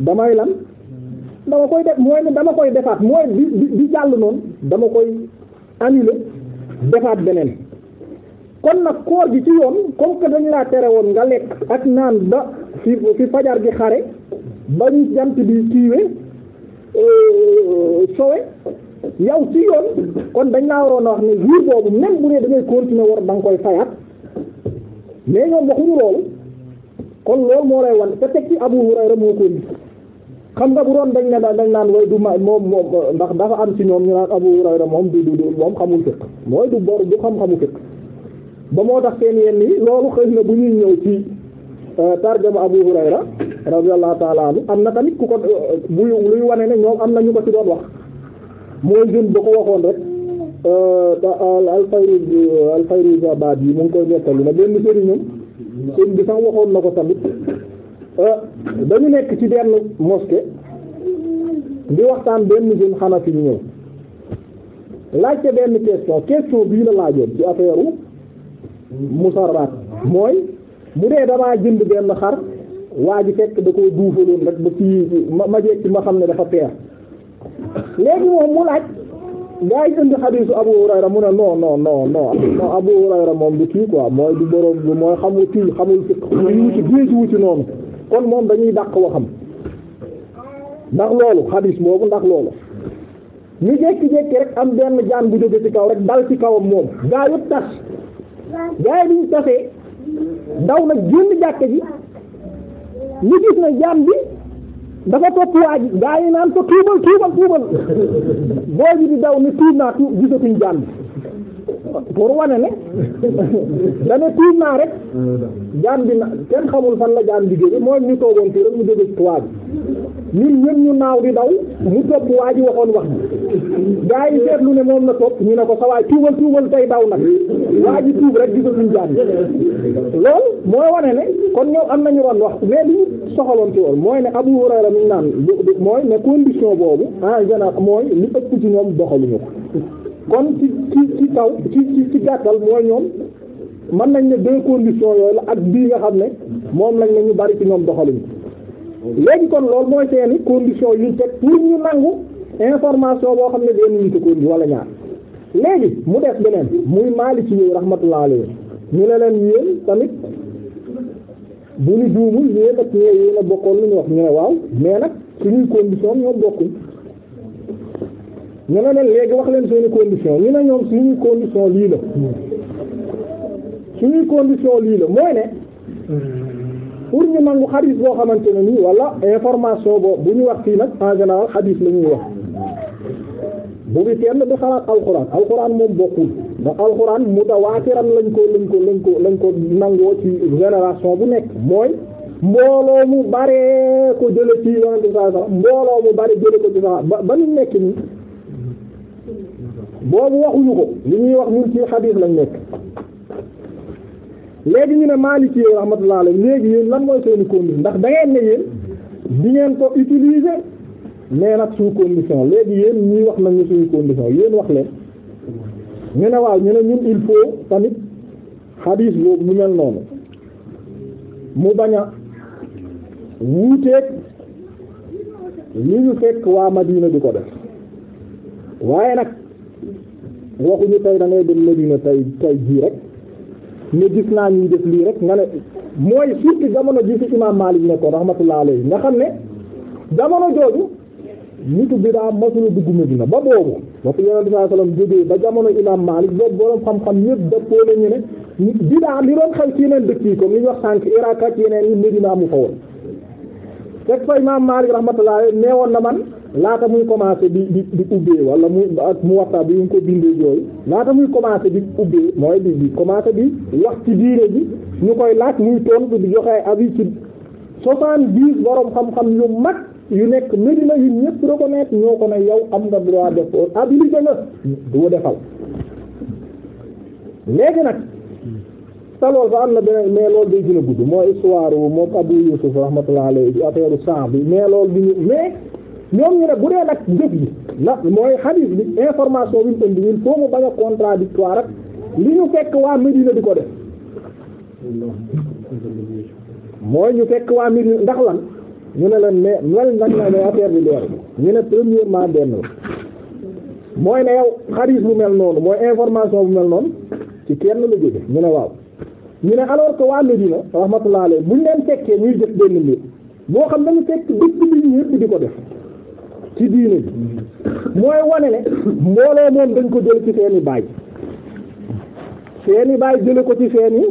damay lan dama koy def mooy dama koy defaat mooy di di jàll noonu dama koy annuler defaat beneen kon nag koor gi ci yoon comme que dañ laa tere woon nga lekk ak naan ba fi fi fajar gi xare ba ñu jant bi kiiwe euh, sowe yow ci yoon kon dañ laa waroon a wax ne jour boobu même bu dee da ngay continuer war da koy fayaat mais ñoom waxuñu loolu kon loolu moo lay wan te teg ci Abu Hurayra moo ko xam nga bu doon dañ ne dañ naan way du ma moom moom ndax dafa am ci ñoom ñu naan Abu Hurayra moom du du moom xamul fiq mooy du bor du xam-xamu fiq ba moo tax seen yenn yi loolu xëy na bu ñuy ñëw ci euh, tarjama Abu Hurayra radiyallahu ta'ala anhu am na tamit ku ko euh, buy luy wane ne ñoom am na ñu ko ci doon wax mooy jën ba ko waxoon rek euh, te al-Fayruz al yi mu ngi koy nettali na benn sëriñam seen bi sax waxoon na ko tamit dañu nekk ci benn mosquée di waxtaan benn jeune xanafi ñu ñëw laajte benn question question bii la laajoon ci affaire u musarrat mooy bu dee damaa jënd benn xar waa ji fekk da koy duufaloon rek ba ma ma jekki ma xam ne dafa peer léegi moom mu laaj gaa yi indi xadiisu Abu Hurayra mu ne non non non non non Abu Hurayra moom du kii quoi mooy du mooy xamul kii xamul ci wu ci géej wu ci noonu kon moom dañuy dàq waxam ndax loolu xadiis boobu ndax loolu ñu jékki-jékki rek am benn jaan bu jóge ci kaw rek dal ci kawam moom gaa yëpp tas gaa yi duñ tasee daw nag génn jàkke ji ñu gis na jaan bi dafa topp waa gaa yi naan ko tuubal tuubal tuubal boo di daw ni tuub naa tuub gisatuñ jaan bi pour wane ne dana tiim naa rek jaan bi na kenn xamul fan la jaan bi jóge mooy ñu toogoon fii rek ñu jóge ci waa bi ñun ñëpp ñu naaw di daw mu topp waa ji waxoon wax bi gaa yi seetlu ne moom na topp ñu ne ko sa waay tuubal tuubal tey daw nag waa ji tuub rek gisatuñ jaan bi loolu mooy wane ne kon ñëw am nañu wan wax mais li ti soxaloon woon mooy ne Abu Hurayra mi naan mooy ne condition boobu en général mooy li ëpp ci ñoom doxaluñu ko kon ci ci ci taw ci ci ci gàttal mooy ñoom mën nañ ne deux conditions yooyu la ak bii nga xam ne moom lañ ne ñu bari ci ñoom doxaluñ léegi kon lool mooy seeni condition yu te pour ñu nangu information boo xam ne benn nit ko wala ñaar léegi mu def beneen muy maali ci yow rahmatullah alayhi ñu ne leen yéen tamit bu ñu juumul yéen ak ñee yéen a bokkoon lu ñu wax ñu ne waaw mais nag suñuy condition ñoom bokkuñ ñu ne léegi wax leen seeni condition ñu ne ñoom suñuy condition lii la suñuy condition lii la mooy ne pour ñu nangu xadis boo xamante ne nii wala information boo bu ñu wax fii nag en général xadis lañuy ñuy wax bu bi kenn du xalaat alxuraan alxuraan moom bokkul ndax alxuraan mutawaatiran lañ ko lañ ko lañ ko lañ ko nangoo ci génération bu nekk mooy mbooloo mu bare ko jële ci yonente mbooloo mu bare jële ko ci sax ba ba ñu nekk nii boobu waxuñu ko li ñuy wax ñu ci xadiis lañ nekk léegi ñu ne Maliki yi rahmatullah alayhi léegi yéen lan mooy seeni condition ndax da ngeen ne yéen di ngeen ko utiliser mais nag suñu condition léegi yéen ñuy wax nañ ñu suñu condition yéen wax leen ñu ne waaw ñu ne ñun il faut tamit xadiis boobu ñu mel noonu mu bañ a wuuteeg li ñu fekk waa Madina di ko def waaye nag waxuñu tey da ngay dem Medina tey tey jii rek ne gis naa ñuy def lii rek nga ne mooy surtout jamono ji ci imam Malik nekkoon rahmatullah alayhi nga xam ne jamono jooju nitu bi daa masula dugg Medina ba boobu waxu yonent bi sallallahu alayhi wasallam jógee ba jamono imam Malik boobu boroom xam-xam ñëpp dëppoo nañu ne bi daa li doon ci yeneen dëkk yi comme li ñu wax sànq Irak yeneen yi Medina amu fa woon fekk fa imam Malik rahmatullah alayhi neewoon na man laata muy commencé bi di di ubbee wala mu ak mu waxtaan bi mu ko bindee yooyu laata muy commencé bi ubbee mooy di di commencé di wax ci diine bi ñu koy laaj muy tontu di joxe avis ci soixante-dix borom xam-xam yu mag yu nekk Medina yu ñëpp reconnaître ñoo ko ne yow am nga droit def ko habilité nga du defal léegi nag te loolu sax am na beneen mais loolu day gën a gudd mooy histoire moom Abu Yusuf rahmatullah alayhi affaire sang bi mais loolu bi ñu mais. ñoom ñu ne bu dee nag jëf yi la mooy xadiis bi information bi mu indi il faut mu bañ a contradictoire ak li ñu fekk waa Medina di ko def mooy ñu fekk waa Medina ndax lan ñu ne leen mais mel nañ na ne affaire bi leer ñu ne premièrement benn la mooy ne yow xadiis bu mel noonu mooy information bu mel noonu ci kenn la jóge ñu ne waaw ñu ne alors ko waa Medina rahmatullah alayhi buñ leen fekkee ñuy jëf benn mbir boo xam nañu fekk dëkk bi ñu yëpp di ko def ci diine bi mooy wane ne mbooloo moom dañ ko jël ci seeni baay seeni baay jële ko ci seeni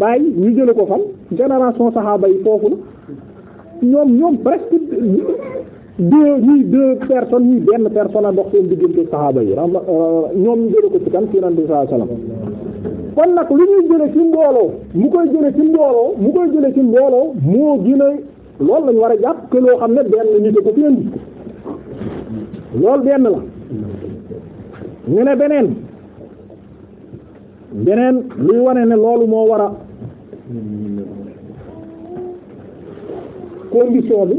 baay ñu jële ko fan génération saxaaba yi foofu la ñoom ñoom presque deux ñuy deux personnes ñuy benn personne a dox seen diggante saxaaba yi euh, ñoom ñu jële ko ci kan ci Nabi sallallahu alayhi wasallam kon nag lu ñuy jële ci mbooloo mu koy jële ci mbooloo mu koy jële ci mbooloo moo gën a loolu lañ war a jàpp que loo xam ne benn nit ko fi indi loolu benn la ñu ne beneen beneen luy wane ne loolu moo war a condition bi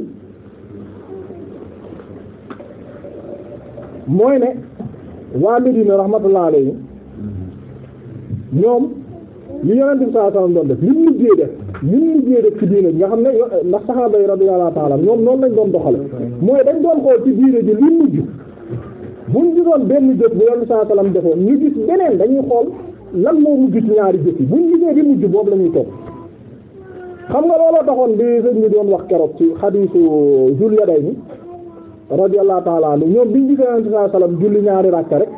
mooy ne waa Médina rahmatullah alayhi ñoom li yonent bi sallallahu alayhi doon def li mu mujjee def li mu mujjee def ci diine nga xam ne ndax saxaaba yi radiyallahu ta'ala ñoom noonu lañ doon doxale mooy dañ doon xool ci diine ji li mujj buñ gisoon benn jëf bu yonent bi sallallahu alayhi wasallam defoon ñu gis beneen dañuy xool lan moo mujj ci ñaari jëf yi buñ gisee di mujj boobu la ñuy xam nga looloo taxoon bi sëñ bi doon wax keroog ci xadiisu Zul Yadayni radiyallahu ta'ala anhu ñoom biñ gisee yonent bi sallallahu alayhi julli ñaari rakka rek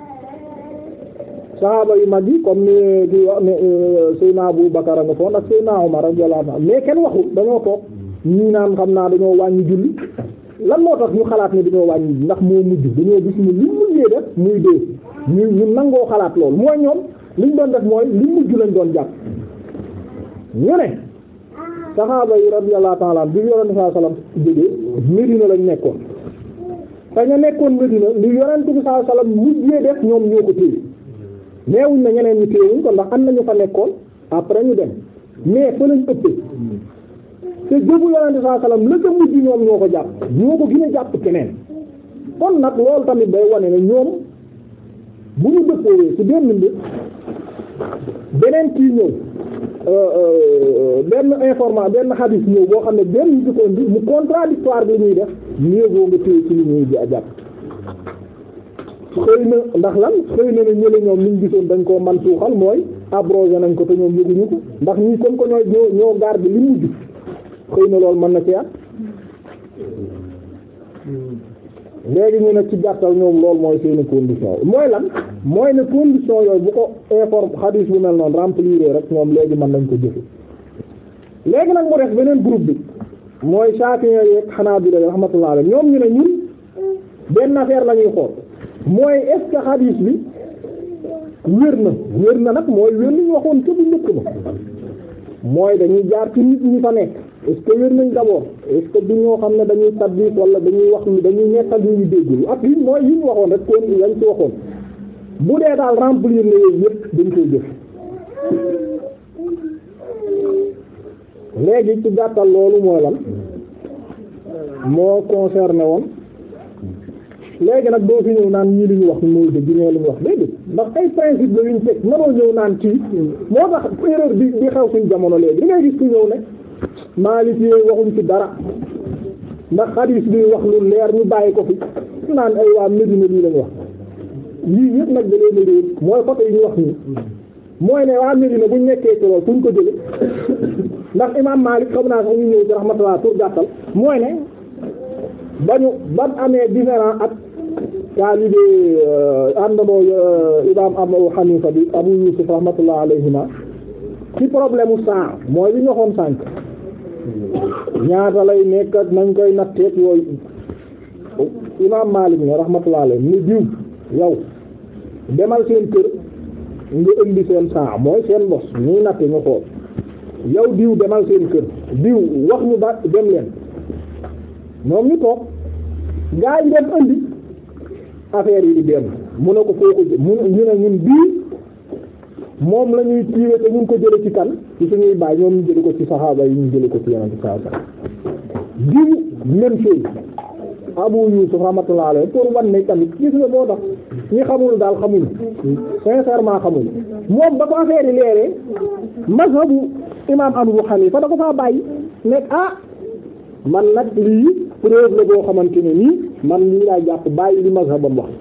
saxaaba yu mag yi comme ni euh, kii wax ne euh, Seydina Abu Bakar a nga foon ak Seydina Omar radiyallahu anhu mais kenn waxu dañoo toog ñii naan xam naa dañoo wàññi julli lan moo tax ñu xalaat ne dañoo wàññi ndax moo mujj dañoo gis ni li mujjee def muy dee ñu nangoo xalaat loolu mooy ñoom liñ doon def mooy li mujj lañ doon jàpp ñu ne saxaaba yi radiyallahu ta'ala bi yonent bi sallallahu alayhi jógee Medina lañ nekkoon te ñu nekkoon Medina li yonent bi mujjee def ñoom ñoo ko téye neewuñ na ñeneen ñi téewuñ kon ndax am nañu fa nekkoon après ñu dem mais fa lañ ëppee te jëbu yonente saa salaam la ca mujj ñoom ñoo ko jàpp ñoo ko gën a jàpp keneen kon nag loolu tamit day wane na ñoom bu ñu dëppoo ci benn mbir beneen kii ñëw euh, euh, benn information benn xadis ñëw boo xam ne benn ñu bi ko indi mu contradictoire bi ñuy def mieux vaut nga téye ci li ñuy jàpp xëy ndax lan xëy na ne ñoom liñ gisoon dañ koo man suuxal mooy abrogé nañ ko te ñoom yëguñu ko ndax ñi comme que ñoo ñoo garde li mujj xëy na loolu mën na ci at léegi ñu ne ci gàttal ñoom loolu mooy seeni condition mooy lan mooy ne condition yooyu bu ko informe xadis bu mel noonu remplir rek ñoom léegi mën nañ ko jëfe léegi nag mu def beneen groupe bi mooy Shafi'i yeeg Hanabila rahmatullah alayhi ñoom ñu ne ñun benn affaire la ñuy xool mooy est-ce bi wér na wér na nag mooy wér nañu waxoon ca bu njëkk ba mooy dañuy jaar ci nit ñi fa nekk est-ce nañ d'abord est-ce que ñoo xam ne dañuy tabbit wala dañuy wax ni dañuy nettal ñu ñu déggul ak yi mooy yi ñu waxoon rek kon yañ ci waxoon bu dee daal remplir na yooyu yëpp dañ koy jëf léegi ci gàttal loolu mooy lan moo concerné woon léegi nag doo fi ñëw naan ñii li wax mooy dëgg ñee li ñu wax léegi ndax ay principe la yuñ teg mënoo ñëw naan ci moo tax erreur bi bi xaw suñ jamono léegi di ngay gis ku ñëw ne Maalik yooyu waxuñ ci dara ndax xadiis bi wax lu leer ñu bàyyi ko fi naan ay waa Medina lii lañ wax yii yëpp nag da leen a réer mooy côté yi ñu wax nii mooy ne waa Medina buñ nekkee ci loolu fu ñu ko jële ndax imaam Maalik xam naa sax ñu ñëw ci rahmatullah pour gàttal mooy ne bañu ban taalibe euh, àndandoo euh, imaam Abu Hanifa bi Abu Yusuf rahmatullah alayhima ci problème u mooy li ñu waxoon sànk ñaata lay nekk ak nañ koy natteeg yooyu imaam Maalik ne rahmatullah alayhi ni diw yow demal seen kër nga indi seen saa mooy seen bos ñuy natt ñu xool yow diw demal seen kër diw wax ñu ba dem leen ñoom ñu toog gaa yi dem indi affaire yi di benn mu ne ko foo ko jë mu ñu ne moom la ñuy te ñu ko jële ci kan ci suñuy baay ñoom ñu ko ci saxaaba yi ñu jële ko ci yeneen saa saa diw même chose Abu Yusuf rahmatullah alayhi pour wan ne tamit gis nga boo tax ñi xamul daal xamuñu moom ba ko affaire yi leeree mazhabu imam Abu Hanifa da ko faa bàyyi nekk ah man nag lii preuve la boo xamante ne nii man lii laa jàpp bàyyi li mazhabam wax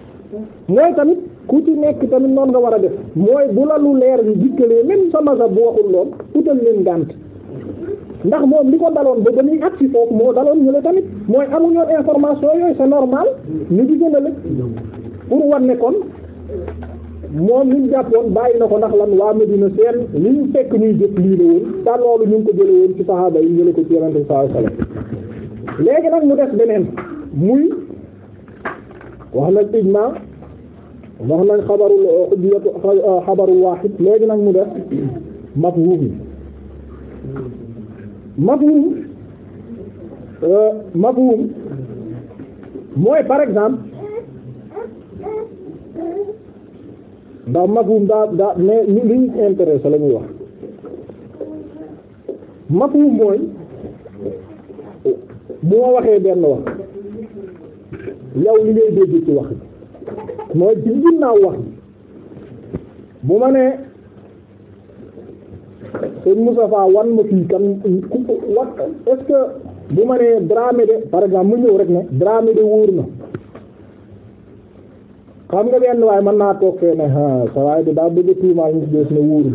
mooy tamit ku ci nekk tamit noon nga war a def mooy bu la lu leer yu dikkalee même sa mazhab bu waxul lool utal leen gànt ndax moom li ko daloon ba ba muy at si foofu moo daloon ñu la tamit mooy amuñoon information yooyu c'est normal ñu di gën a lëg pour war ne moom li ñu jàppoon bàyyi na ko ndax lan waa Medina seen li ñu fekk ñuy jëf lii la woon te loolu ñu ngi ko jële woon ci saxaaba yi jële ko ci yonente bi sallallahu alayhi wax nañ ijmaa wax na xabarul euh, uddiyatu euh, xabarul waaxid léegi nag mu def mafhum yi mafhum euh, mafhum mooy par exemple ndax mafhum daa daa mais li ñu intéressé la ñuy wax mafhum mooy bu ma waxee benn wax yow li ngay dégg ci wax mooy ci ginnaaw wax bi bu ma nee sëñ Moustapha wan ma fii kan wax bu ma nee Dramé de par exemple mu ñëw rek ne Dramé de wóor na xam nga benn waaye mën naa toog fee ne ah sa waaye daa bëgg a tuumaal ñu gis ne wóorul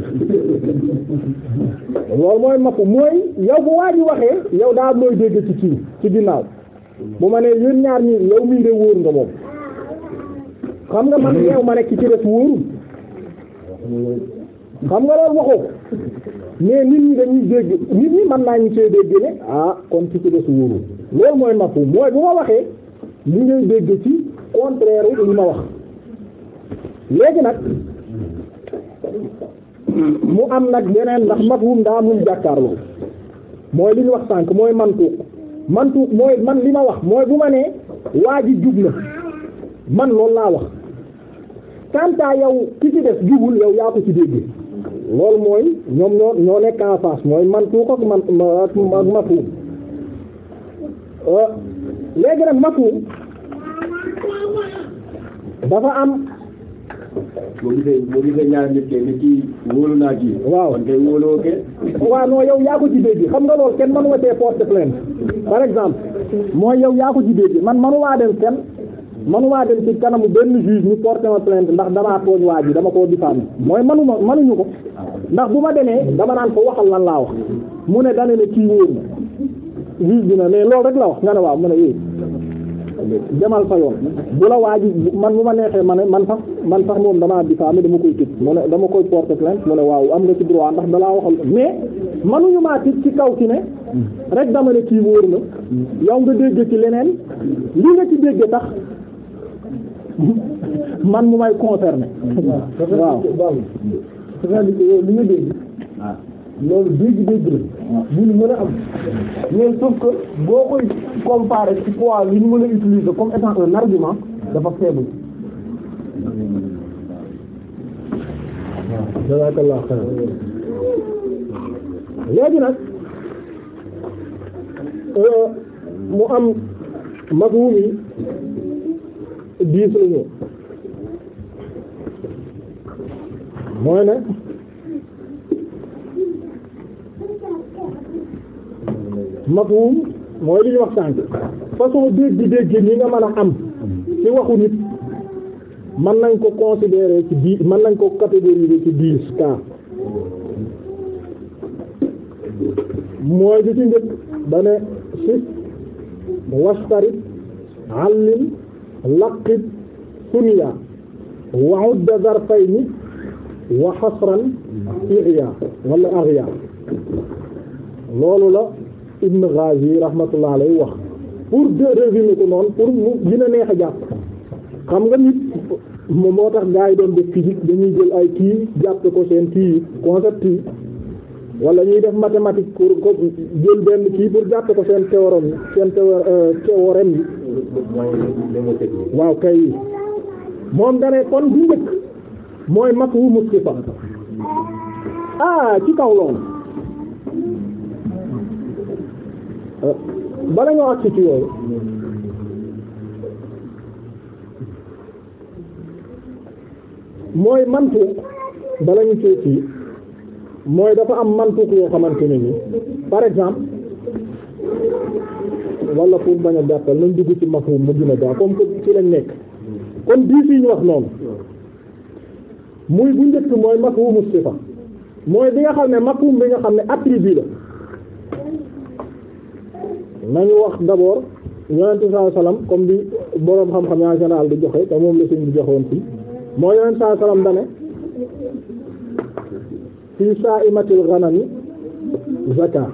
[laughs] loolu mooy mapp mooy yow bu waa ji waxee yow daa mooy dégg ci ci ci ginnaaw. bu ma nee yéen ñaar ñi yow mii de wóor nga moom xam nga man yow ma nekk ci des wóorul xam nga loolu waxoo mais nit ñi dañuy dégg nit ñi man naa ñu see dégg ne ah kon ci ci des loolu mooy mafu mooy bu ma waxee li ngay dégg ci contraire li ma wax léegi nag mu am nag beneen ndax mafhum daa mun jàkkaarloo mooy li ñu wax sànk mooy mantuq man tu mooy man li ma wax mooy bu ma nee waa jub na man loolu laa wax kanta yow ki ci def jubul yow yaa ko ci déggee loolu mooy ñoom ñoo ñoo nekk en face mooy man tuuk ak man ak mafhum euh, léegi nag mafhum dafa am waaw non yow yaa ci jibee bi xam nga loolu kenn mënu watee porte plainte par exemple mooy yow yaa ko jibee bi man waa dem kenn manuwaa dem kana mu benn juge ñu porte ma plainte ndax damaa tooñ waa ji dama koo diffamé mooy ma manuma manuñu ko ndax bu ma demee dama naan ko waxal lan laa wax mu ne dane ne kii wóor na juge bi na mais loolu rek la wax nga ne waaw mu ne eh. demal fa yoon bu la waa man mu ma neexee ma ne man sax man sax moom damaa diffamé dama koy tëj mu ne dama koy porter plainte mu ne waaw am nga ci droit ndax dalaa waxal mais manuñu maa tëj ci kaw ki ne rek dama ne kii wóor na yow nga dégg ci leneen li nga ci dégg tax [laughs] man mu may concerné waaw. loolu dégg-dégg la bu mën a am mais sauf que boo koy comparer ci poids li ñu mën a utiliser comme étant un argument dafa faible. jazakallah xayr léegi nag euh, mu am mafhum yi diis lañu mooy ne. mafhum mooy li ñu wax sànq façon dégg dégg ni nga mën a am ci waxu nit mën nañ ko considérer ci dix mën nañ ko catégoriser ci dix cas mooy bi ci njëkk dane sit wastarit allim laqit sunya wa udda zarfayni wa hasran iria wala aria loolu la Ibn Ghazi rahmatullah alayhi wax pour de résumer ko noonu pour mu gën a neex a jàpp xam nga nit moom moo tax gars yi doon def dañuy jël ay kii jàpp ko seen kii concept yi wala ñuy def mathématique pour ko jël benn kii pour jàpp ko seen théorème yi seen euh, théorème yi waaw kay moom dane kon bu njëkk mooy mat wu mus ki fa ah ci kaw loolu Ah, bala ñoo àgg ci yooyu mooy mantuuk bala ñu cee ci mooy dafa am mantuuk yoo xamante ne ni par exemple wala pour bañ a nañ dugg ci mafhum mu gën a gaaw comme ci lañ nekk kon bii fii ñu wax noonu muy bu njëkk mooy mafhumu sifa mooy bi nga xam ne mafhum bi nga xam ne attribut la. nañu wax d'abord yonent bi sallallahu comme bi boroom xam-xam en général di joxe te moom la sëñ bi joxoon fii moo yonent bi sallallahu dane fii sa'imatil ghanami zaka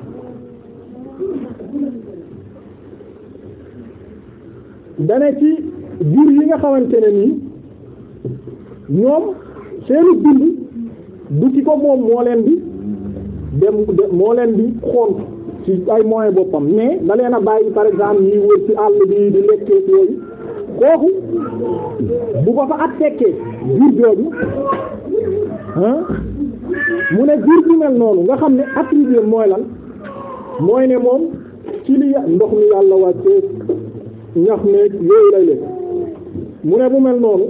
dane ci jur yi nga xamante ne nii ñoom seenu dund du ko moom moo leen di dem moo leen di xont ci ay moyen boppam mais da leen a bàyyi par exemple ñuy wër ci àll bi di lekkee ci yooyu kooku bu ko fa at fekkee jur jooju mu ne jur gi mel noonu nga xam ne attribué mooy lan mooy ne moom ci li ndox mi yàlla wàccee ñax meeg yooyu lay lekk mu ne bu mel noonu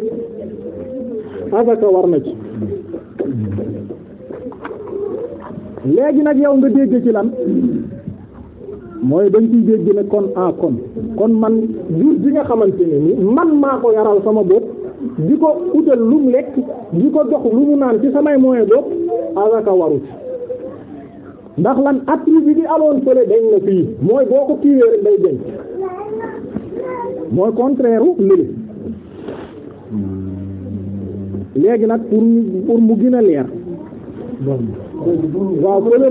azaka war na ci léegi nag yow nga dégg ci lan mooy dañ ciy dégg ne kon ah kon kon man jur bi nga xamante ni man maa ko yaral sama bopp di ko utal lu mu lekk di ko jox lu mu naan ci samay moyen bopp asaka waru ndax lan attribut bi di aloon fële dañ na fii mooy boo ko kiiwee rek day deñ mooy contraire u léegi nag pour pour mu gën a leer waaw fële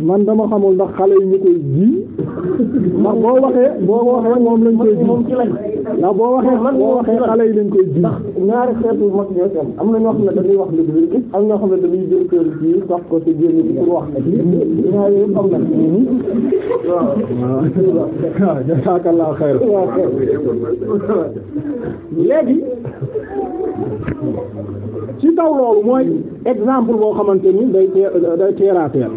man dama xamul ndax xale yu ñu koy ji ndax boo waxee boo waxee moom lañ koy ji ndax boo waxee moo waxee xale yi lañ koy ji. ñaar ñaari xeetu mag ñoo ci am na ñoo xam ne dañuy wax lu dul am ñoo xam ne dañuy jël kër gi sax ko ci génn pour wax ñaari yëpp am na. waaw waaw léegi ci kaw loolu mooy exemple boo xamante ni day day terre à terre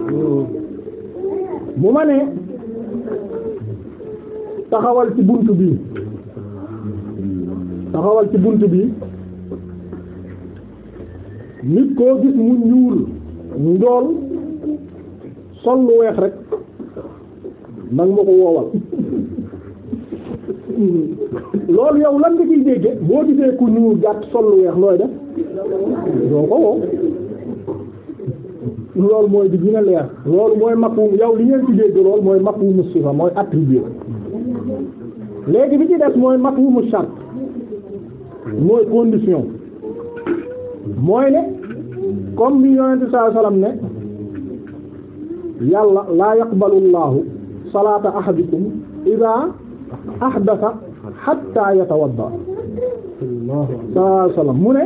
ma nee taxawal ci bunt bi taxawal ci bunt bi nit koo gis mu ñuul njool sol lu weex rek nag ma ko woowal [laughs] loolu yow lan nga ciy dégge boo gisee ku ñuul gàtt sol lu weex looy de loolu mooy di gën a leer loolu mooy mafhum yow li ngeen ci dégg loolu mooy mafhumu sifa mooy attribué léegi bi ci des mooy mafhumu shart mooy mooy ne comme bi yonente sallallahu alayhi wasallam ne yàlla laa yaqbalu llaahu salaata ahadikum idaa ahdatha hatta yatawadda sallallahu alayhi mu ne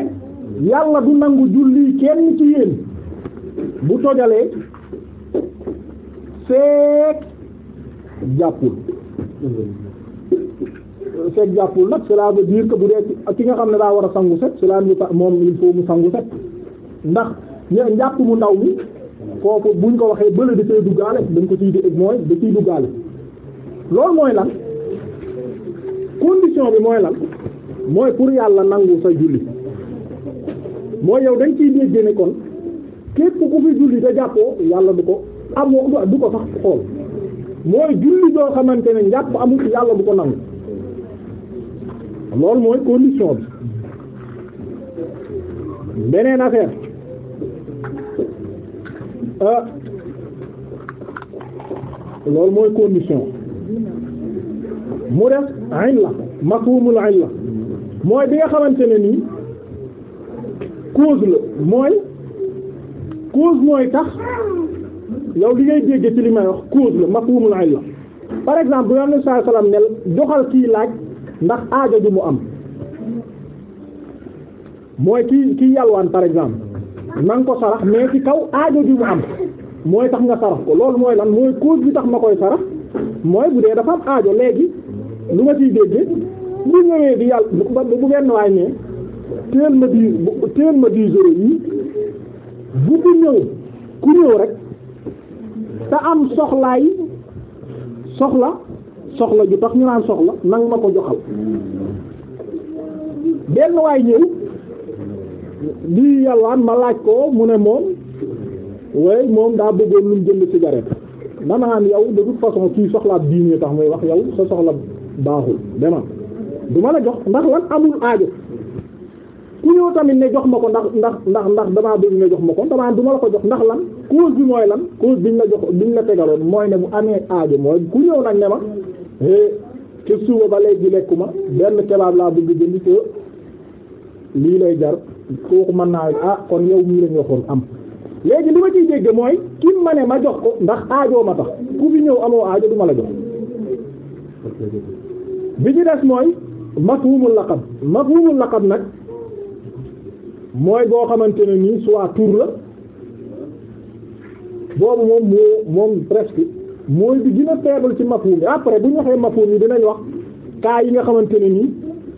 yàlla du nangu julli kenn ci yéen bu tojalee feek jàppul feek jàppul nag cela veut dire que bu dee ki nga xam ne daa war a sangu set cela mu moom il faut mu sangu set ndax njàpp mu ndaw mi kooku buñ ko waxee bële da cee duggaale dañ ko ciy di mooy da ciy duggaale loolu mooy lan condition bi mooy lan mooy pour yàlla nangu sa julli mooy yow dañ ciy déggee ne kon képp ku fi julli te jàppoo yàlla du ko amoo du ko sax xool mooy julli doo xamante ne njàpp amul yàlla du ko nangu loolu mooy condition bi beneen affaire ah loolu mooy condition mu def illa mafhumul illa mooy bi nga nii. cause la mooy cause mooy tax yow li ngay dégg ci li may wax cause la ma mafhumul la par exemple bu yàlla saa salaam ne joxal kii laaj ndax aajo ju mu am mooy kii kii waan par exemple na ko sarax mais ci kaw aajo ju mu am mooy tax nga sarax ko loolu mooy lan mooy cause bi tax ma koy sarax mooy bu dee dafa am aajo léegi lu ma ciy déggee bu ñëwee di yàlla bu benn waay ne teel ma dix teel ma dix euros yi bu ku ñëw ku ñëw rek te am soxlaay soxla soxla ju tax ñu naan soxla nang ma ko joxal benn waay ñëw di yalwaan ma laaj ko mu ne moom way moom daa bëggoon lu mu jënd cigarette ma naan yow de toute façon kii soxla diine tax muy wax yow sa soxla baaxul demal du ma la jox ndax lan amul aajo ku ñëw tamit ne jox ma ko ndax ndax ndax ndax damaa bëgg nga jox ma ko damaa du ma la ko jox ndax lan cause bi mooy lan cause biñ la jox biñ la tegaloon mooy ne bu amee aajo mooy ku ñëw nag ne ma eh te ba léegi lekku ma benn kebaab laa bëgg jënd te lii lay jar kooku mën naa ah kon yow mii lañ waxoon am. léegi li ma ciy dégg mooy ki ma ne ma jox ko ndax aajoo ma tax ku ñëw amoo aajo du ma la jox bi ñu des mooy mafhumul laqab mafhumul laqab nag. mooy boo xamante ne nii soit tour la boobu moom moo moom presque mooy bi gën a faible ci mafhum bi après bu ñu waxee mafhum yi dinañ wax cas yi nga xamante ne nii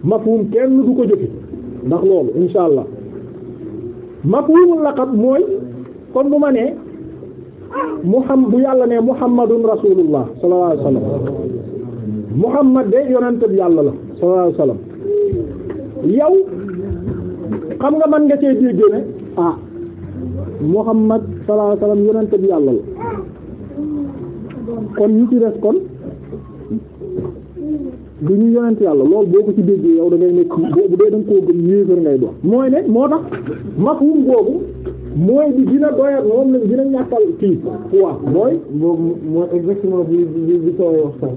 mafhum kenn du ko jëfe ndax loolu insha allah mafhumul laqab mooy kon bu ma nee xam bu yàlla ne muhammadun rasulullah sallallahu alayhi wasallam muhammad de yonent bi yàlla la sallallahu alayhi wasallam yow xam nga man nga cee déggee ne ah Muhammad sallallahu alayhi wasallam bi yàlla kon ñu ci des kon du ñu yonent yàlla loolu boo ko ci déggee yow da ngay nekk bu dee da nga koo gëm mooy ne moo tax mafhum boobu mooy bi dina doyat moom la dina ñàkkal kii waaw mooy boobu mooy exactement bi bi bi sooy wax sax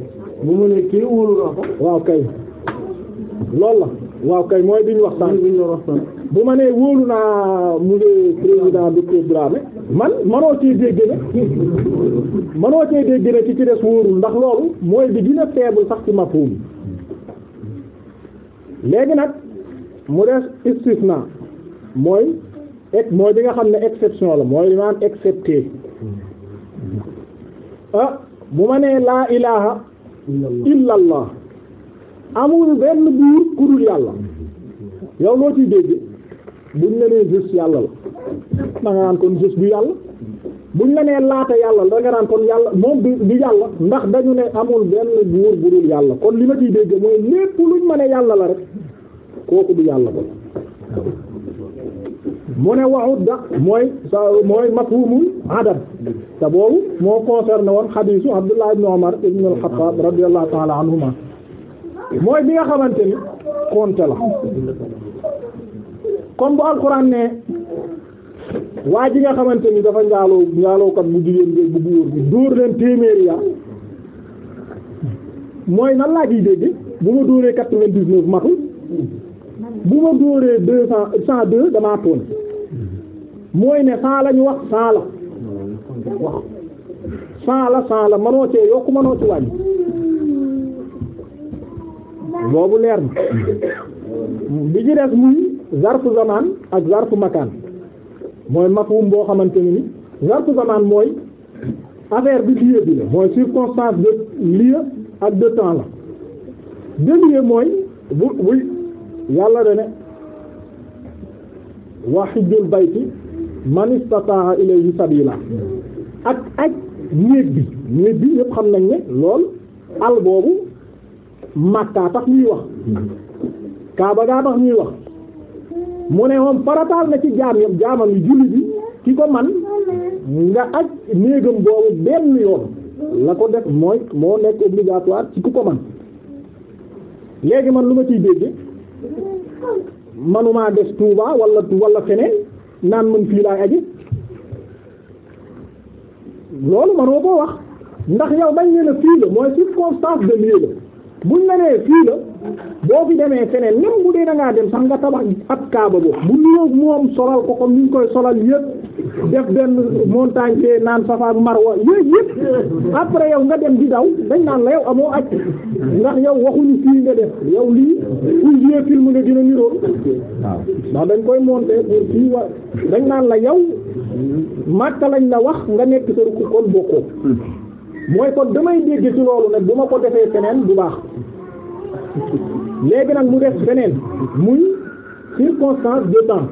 ko waaw kay loolu la kay mooy bi ñu wax sax bi bu ma nee wóolu naa monsieur président docteur Dramé man manoo cee dégg ne manoo cee dégg ne ci ci des wóorul ndax loolu mooy bi dina faible sax ci mafhum léegi nag mu des istisna mooy et mooy bi nga xam ne exception la mooy li naan excepté ah bu ma nee laa ilaha illallah amul benn buur ku dul yàlla yow loo ciy dégg buñ la nee jës yàlla la da nga naan kon jës du yàlla buñ la nee laata yàlla la da nga kon yàlla moom du du yàlla ndax dañu ne amul benn buur bu dul yàlla kon li ma ciy dégg mooy lépp luñ ma ne yàlla la rek kooku du yàlla ko mu ne waxut da mooy sa mooy mafhumul adab te boobu moo concerné woon xadiisu Abdullah ibn Umar ibn al-Khattab radiyallahu ta'ala anhuma mooy bi nga xamante ni compte la comme bu alxuraan ne waa ji nga xamante ni dafa njaaloo njaalookat bu jigéen bi bu góor bi dóor leen téeméeri yaa mooy nan laa ciy dégg bu ma dóoree quatre-vingt-dix-neuf matul bu ma dóoree deux cent cent deux damaa tooñ mooy ne cent la ñu wax cent la wax la cent la manoo cee yokk manoo ci wàññi boobu leer bi ci muy zarfu zamaan ak zarfu makaan mooy mafhum boo xamante ne ni zarfu zamaan mooy affaire bi lieu bi la mooy circonstance de lieu ak de la de lieu mooy bu buy yàlla dene wa hijjul bayti man istata'a ilayhi sabila ak aj néeg bi néeg bi yëpp xam nañ ne lool al boobu Makka tax ñuy wax Kaaba gaa tax ñuy wax mu ne moom farataal na ci jaam yam jaamam yi julli bi ki ko man nga aj néegam boobu benn yoon la ko def mooy moo nekk obligatoire ci ku ko man léegi man lu ma ciy dégg manuma des Touba wala wala feneen naan man fii laay loolu manoo ko wax ndax yow dañ ne la fii la mooy de lieu la buñ la boo fi demee feneen même bu dee da ngaa dem sax nga tabax ab kaaba boobu bu nuyoog moom solal ko comme ni ñu koy solal yëpp def benn montagne fee naan safa marwa yooyu yëpp après yow nga dem di daw dañ naan la yow amoo aj ndax yow waxuñu fii nga def yow lii pour jouer film nga dina niroo waaw dañ koy monter pour fii wa dañ naan la yow Makka lañ la wax nga nekk sa rukk kon bokkoo hmm. mooy ko damay dégg ci loolu nag bu ma ko defee feneen bu baax léegi nag mu def beneen muy circonstance de temps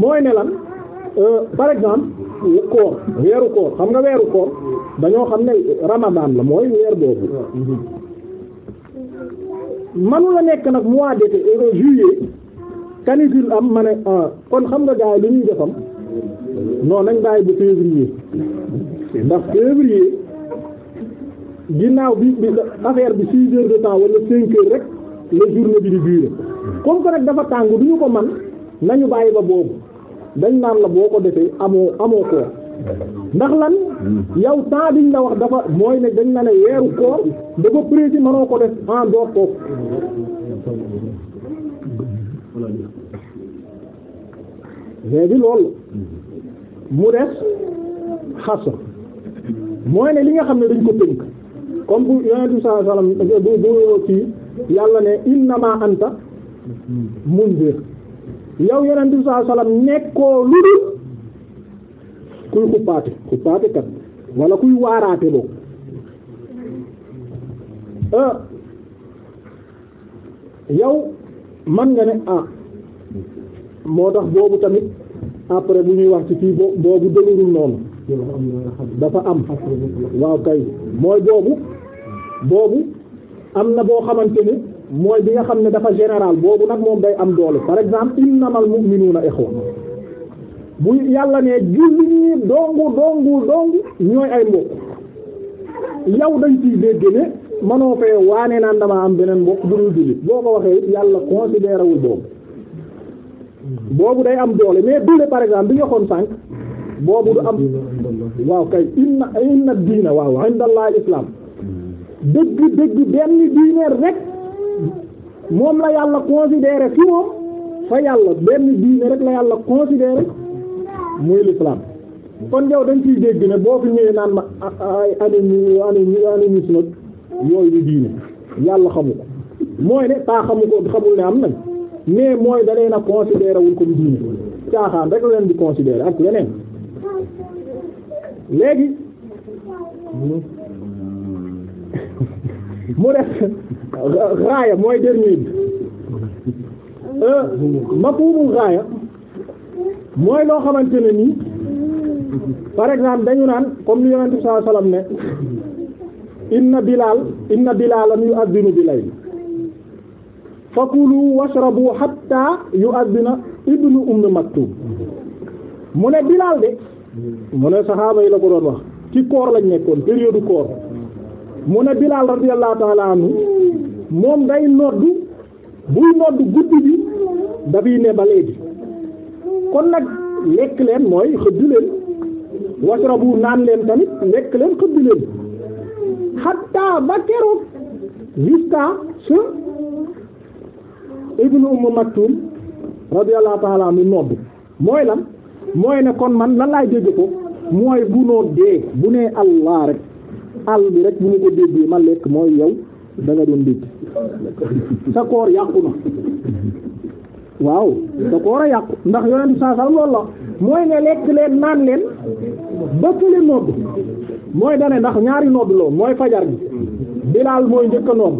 mooy ne euh, par exemple koor weeru koor xam nga weeru koor dañoo xam ne ramadan la mooy weer boobu manu nekk nag mois d'été et euh, euh, juillet am ma ne ah, kon xam nga gars yi lu ñuy defam non nañ bàyyi bu février ndax février ginnaaw bi bi affaire bi six heures de temps wala cinq rek la journée bi di durer comme que dafa tàng duñu ko man nañu bàyyi ba boobu dañ naan la boo ko defee amoo amoo koor ndax lan yow temps biñ la wax dafa mooy ne dañ na ne weeru koor dafa précis mënoo ko def en dehors kooku léegi loolu mu des xasa mooy ne li nga xam ne dañ ko tënk comme bu yonent bi sallallahu alayhi wasallam bu bu kii yàlla ne innama anta munzir yow yonent bi sallallahu alayhi wasallam nekkoo lu dul kuy xuppaate xuppaate kat wala kuy waaraate boobu ah, yow man nga ne ah moo tax boobu tamit après bu ñuy wax ci kii boobu dëgërul noonu dafa am waaw kay mooy boobu boobu am na boo xamante ni mooy bi nga xam ne dafa général boobu nag moom day am doole par exemple innamal na ikhwa bu yàlla ne jullit ñi dongu dongu dongu ñooy ay mbokk yow dañ ciy dégg ne manoo fee waane naan damaa am beneen mbokk bu dul jullit boo ko waxee it yàlla considéré wul boobu boobu day am doole mais dule par exemple bi nga xoon boobu du am waaw kay inna inna diina waaw indallah islam dëgg dëgg benn diine rek moom la yàlla considéré fi moom fa yàlla benn diine rek la yàlla considéré muy l'islam kon yow dañ ciy dégg ne boo fi ñëwee naan ma ay animu animu animisme nag yooyu di diine yàlla xamu ko mooy ne taa xamu ko xamul ne am nañ mais mooy da leen a comme diine caaxaan rek leen di considéré ak leneen léegi mu def raaya mooy dernier bi euh, mafhumul raaya mooy loo xamante ne nii par exemple dañu naan comme li yonent bi sallallahu alayhi wasallam ne inna bilal inna bilalan yu'adhdhinu bilayl fakulu washrabu hatta yu'adhdhina ibnu ummi maktum mu ne bilal de mu saxaaba yi la ko doon wax ci koor lañ nekkoon période koor mu Bilaal radiyallahu ta'ala anhu moom day noddu buy noddu guddi bi dafay ne ba léegi kon nag lekk leen mooy xëdd leen wasrabu naan leen tamit lekk leen xëdd leen xatta ba keroog jusqu'à ce Ibnu Umm Maktum radiyallahu ta'ala anhu noddu mooy lan mooy ne kon man lan laay jóge ko mooy bu noo dee bu nee allah rek àll bi rek bu ñu ko déggee ma lekk mooy yow da nga doon dégg sa koor yàqu na waaw sa koor a yàqu ndax yonentu saa sal loolu la mooy ne lekk leen naan leen ba fële nodd mooy dane ndax ñaari nodd la mooy fajar bi laal mooy njëkk a nodd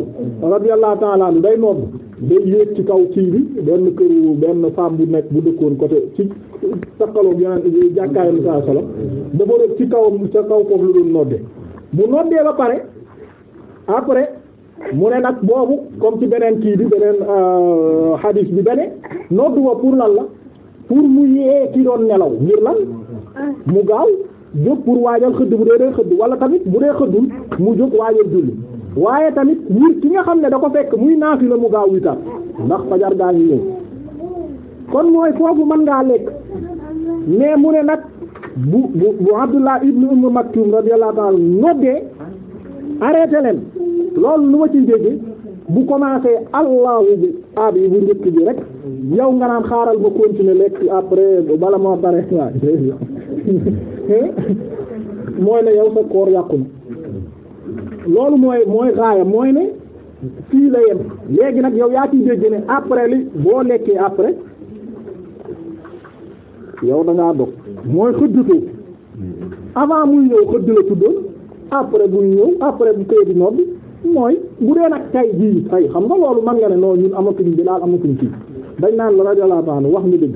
radiyallahu ta'ala anhu day nodd day yéeg ci kaw kii bi benn këru benn femme bu nekk bu dëkkoon côté ci sakkaloog yeneen jàkkaayam saa solo dafa rëb ci kawam ca kaw foofu lu doon nodde bu noddee ba pare après mu ne nag boobu comme ci beneen kii bi beneen euh, hadis bi beneen noddu wa pour lan la pour mu yee ki doon nelaw ngir lan mu gaaw jóg pour waajal xëdd bu dee dee xëdd wala tamit bu dee xëddul mu jóg waajal julli waaye tamit ngir ki nga xam ne da ko fekk muy naafila mu gaaw witar ndax fajar gaa ngi ñëw kon mooy foofu mën ngaa lekk mais mu ne nag bu bu bu Abdullah ibn Umm Maktum radiyallahu ta'ala noddee arrêté leen loolu lu ma ci dégg bu commencé allahu bi ab yi bu njëkk bi rek yow nga naan xaaral ba continuer lekk après bala moo pare [laughs] waaw [laughs] mooy ne yow sa koor yàqu loolu mooy mooy raaya mooy ne fii la yem léegi nag yow yaa ciy dégg ne après li boo lekkee après yow da ngaa dog mooy xëddutoo avant muy ñëw xëdd la tuddoon après bu ñëw après bu mooy bu dee nag tay jii tay xam nga loolu mën nga ne non ñun amatuñ bi daal amatuñ ci dañ naan la radiyallahu anhu wax nga dëgg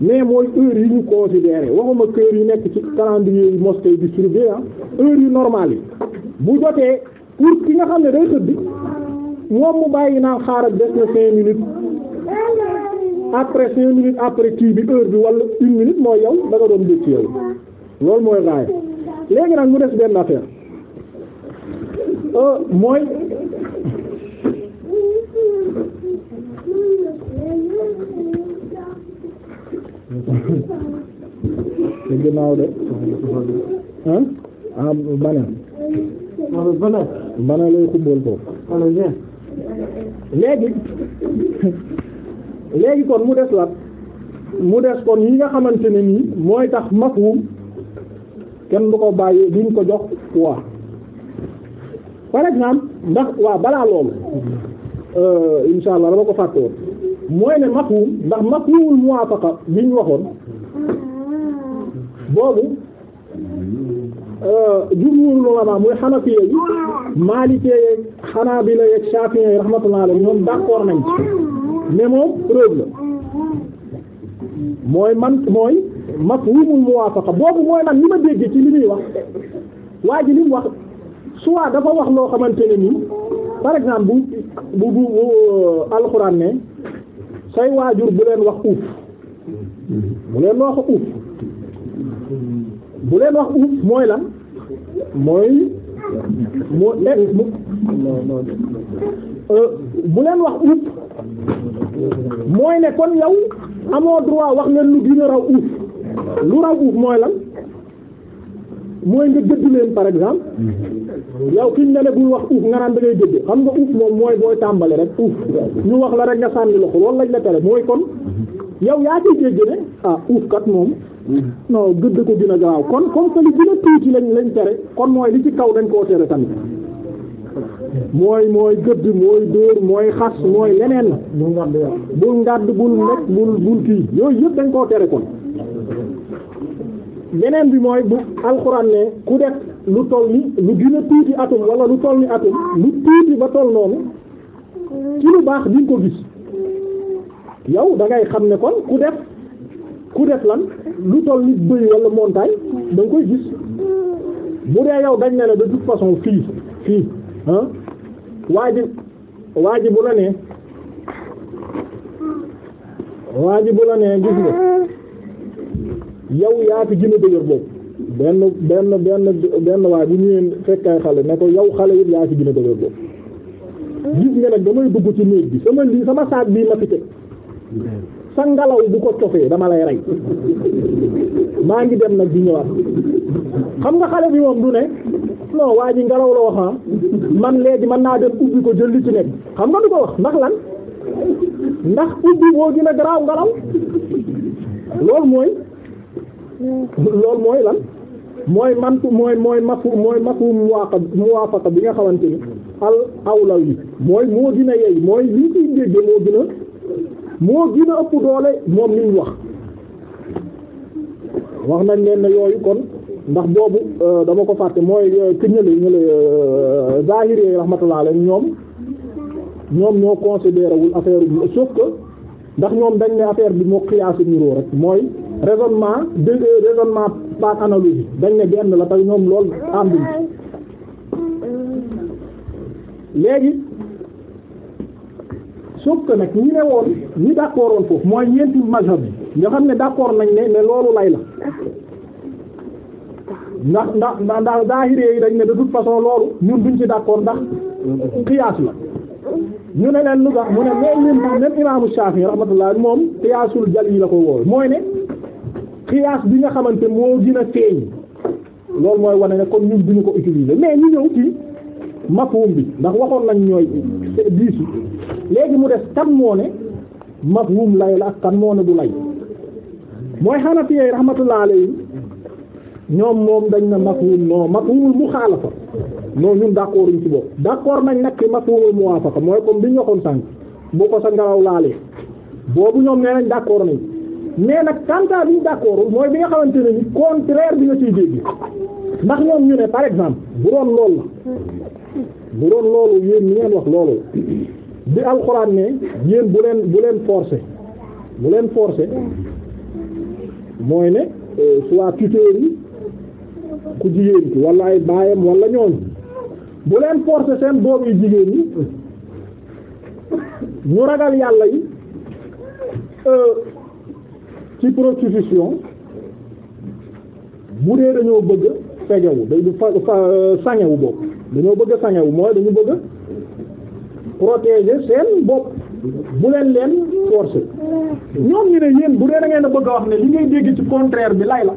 mais mooy heure yi ñu considéré waxuma heure yi nekk ci calendrier yi mosquée yi distribué ah heure yi normal yi bu jotee pour ki nga xam ne day tëdd moom mu bàyyi naan xaaral des na cinq minutes après cinq minutes après kii bi heure bi wala une minute mooy yow da nga doon dégg yow loolu mooy raaya léegi nag mu des benn affaire euh, mooy te [laughs] ginnaaw bana lay xumbal foofu léegi léegi kon mu des la mu des kon yi nga xamante ne nii mooy tax mafhum kenn du ko bàyyi duñ ko jox waa par exemple ndax waa balaa loolu euh, insha allah dama ko fàtte woon mooy ne mafhum ndax mafhumul muwafaqa bi ñu waxoon boobu Euh, jumhuurul ulamaa muy xanafiya yi xanaa yeeg la yeeg shafi'i yi rahmatullah alayhi ñoom d'accord nañ mais moom preuve la mooy man mooy mafhumul muwaafaqa boobu mooy man li ma dégg ci li muy wax waa ji li mu wax soit dafa wax loo xamante ne nii exemple bu euh, alxuraan ne say waajur bu leen wax uuf bu leen wax uuf mooy lan mooy moo nekk euh, bu leen wax ut mooy ne kon yow amoo droit wax leen lu dina raw ut lu raw ut mooy lan mooy nga gëdd leen par exemple yow kii ne ne bul wax uuf nga naan da ngay gëdd xam nga uuf moom mooy booy tàmbali rek uuf ñu wax la rek nga sànni loxo loolu lañ la tere mooy kon yow yaa ciy dégg ne ah uuf kat moom non gëdd ko dina a gaaw kon comme que li gën a tuuti lañ lañ tere kon mooy li ci kaw dañ koo tere tamit mooy mooy gëdd mooy dóor mooy xas mooy leneen bul ngàdd bul nekk bul bul kii yooyu yëpp dañ koo tere kon beneen bi mooy bu alxuraan ne ku def lu toll ni lu gën a tuuti atum wala lu toll ni atum lu tuuti ba toll noonu ci lu baax di nga ko gis yow da xam ne kon ku def ku def lan lu toll nit bëy wala montagne da nga koy gis bu dee yow dañ ne la de toute façon fii fii ah waa bu la nee waa ji bu la nee gis nga yow yaa fi gën dëgër boobu benn benn benn benn waaye bu ñëwee fekk ay xale ne ko yow xale yëpp yaa fi gën dëgër boobu gis nga nag damay dugg ci néeg bi sama lii sama saag bii ma fi teg sa ngelaw bu ko cofee dama lay rey maa ngi dem nag di ñëwaat xam nga xale bi moom du ne non waa ji ngelaw la wax ah. man léegi man naa dem ubbi ko jël li ci nekk xam nga du ko wax ndax lan ndax ubbi boo gën a garaaw ngelaw loolu mooy loolu mooy lan mooy man mooy mooy mafu mooy mafu bi nga xamante ni al awlaw yi mooy moo gën yey mooy lii ciy ndégge moo gën moo gën a ëpp doole moom li ñu wax wax nañ leen ne yooyu kon ndax boobu euh, dama ko fàtte mooy ki euh, ñële ñële euh, zahiri yi rahmatullah alayhi ñoom ñoom ñoo considéré wul affaire bi sauf que ndax ñoom dañ ne affaire bi moo xiyaasu niroo rek mooy raisonnement de raisonnement par analogie dañ ne benn la tey ñoom lool ànduñ léegi sauf que nag ñu ne woon ñi d'accord woon foofu mooy ñeenti mazhab yi ñoo xam ne d'accord nañ ne ne loolu lay la ndax ndax ndax ndax daahiree yi dañ ne de toute façon loolu ñun duñ ci d'accord ndax qiyaas la ñu ne leen lu tax mu ne même même même imaamu Shafi'i rahmatullah moom qiyaasul jal yi la ko wóor mooy ne qiyaas bi nga xamante moo gën a feeñ loolu mooy wane ne comme ñun duñu ko utiliser mais ñu ñëw ci mafhum bi ndax waxoon nañ ñooy diisu léegi mu des kan moo ne mafhum lay la ak kan moo ne du lay mooy Hanafi yi rahmatullah alayhi ñoom moom dañ na mafhum non mafhumul muxaalafa non ñun d'accord ñu ci bopp d'accord nañ nag ci mafhumul muwaafaqa mooy comme bi ñu waxoon sànq bu ko sa ngelaw laalee boobu ñoom nee nañ d'accord nañ mais nag tanta bi ñu d'accord mooy bi nga xamante ne ni contraire bi nga ciy dégg ndax ñoom ñu ne par exemple bu doon loolu la bu doon loolu yéen ñi ngeen wax loolu bi alxuraan ne yéen bu leen bu leen forcer bu leen forcer mooy ne euh, soit tuteur yi ku jigéen ki wala ay baayam wala ñooñu bu leen forcer seen doom yu jigéen ñi ñu ragal yàlla yi euh, ci prostitution bu dee dañoo bëgg fegewu dañu fa euh, sangewu boobu dañoo bëgg sangewu mooy dañu bëgg protéger seen bopp bu leen leen forcer ñoom ñu ne yéen bu dee da ngeen a bëgg a wax ne li ngay dégg ci contraire bi lay la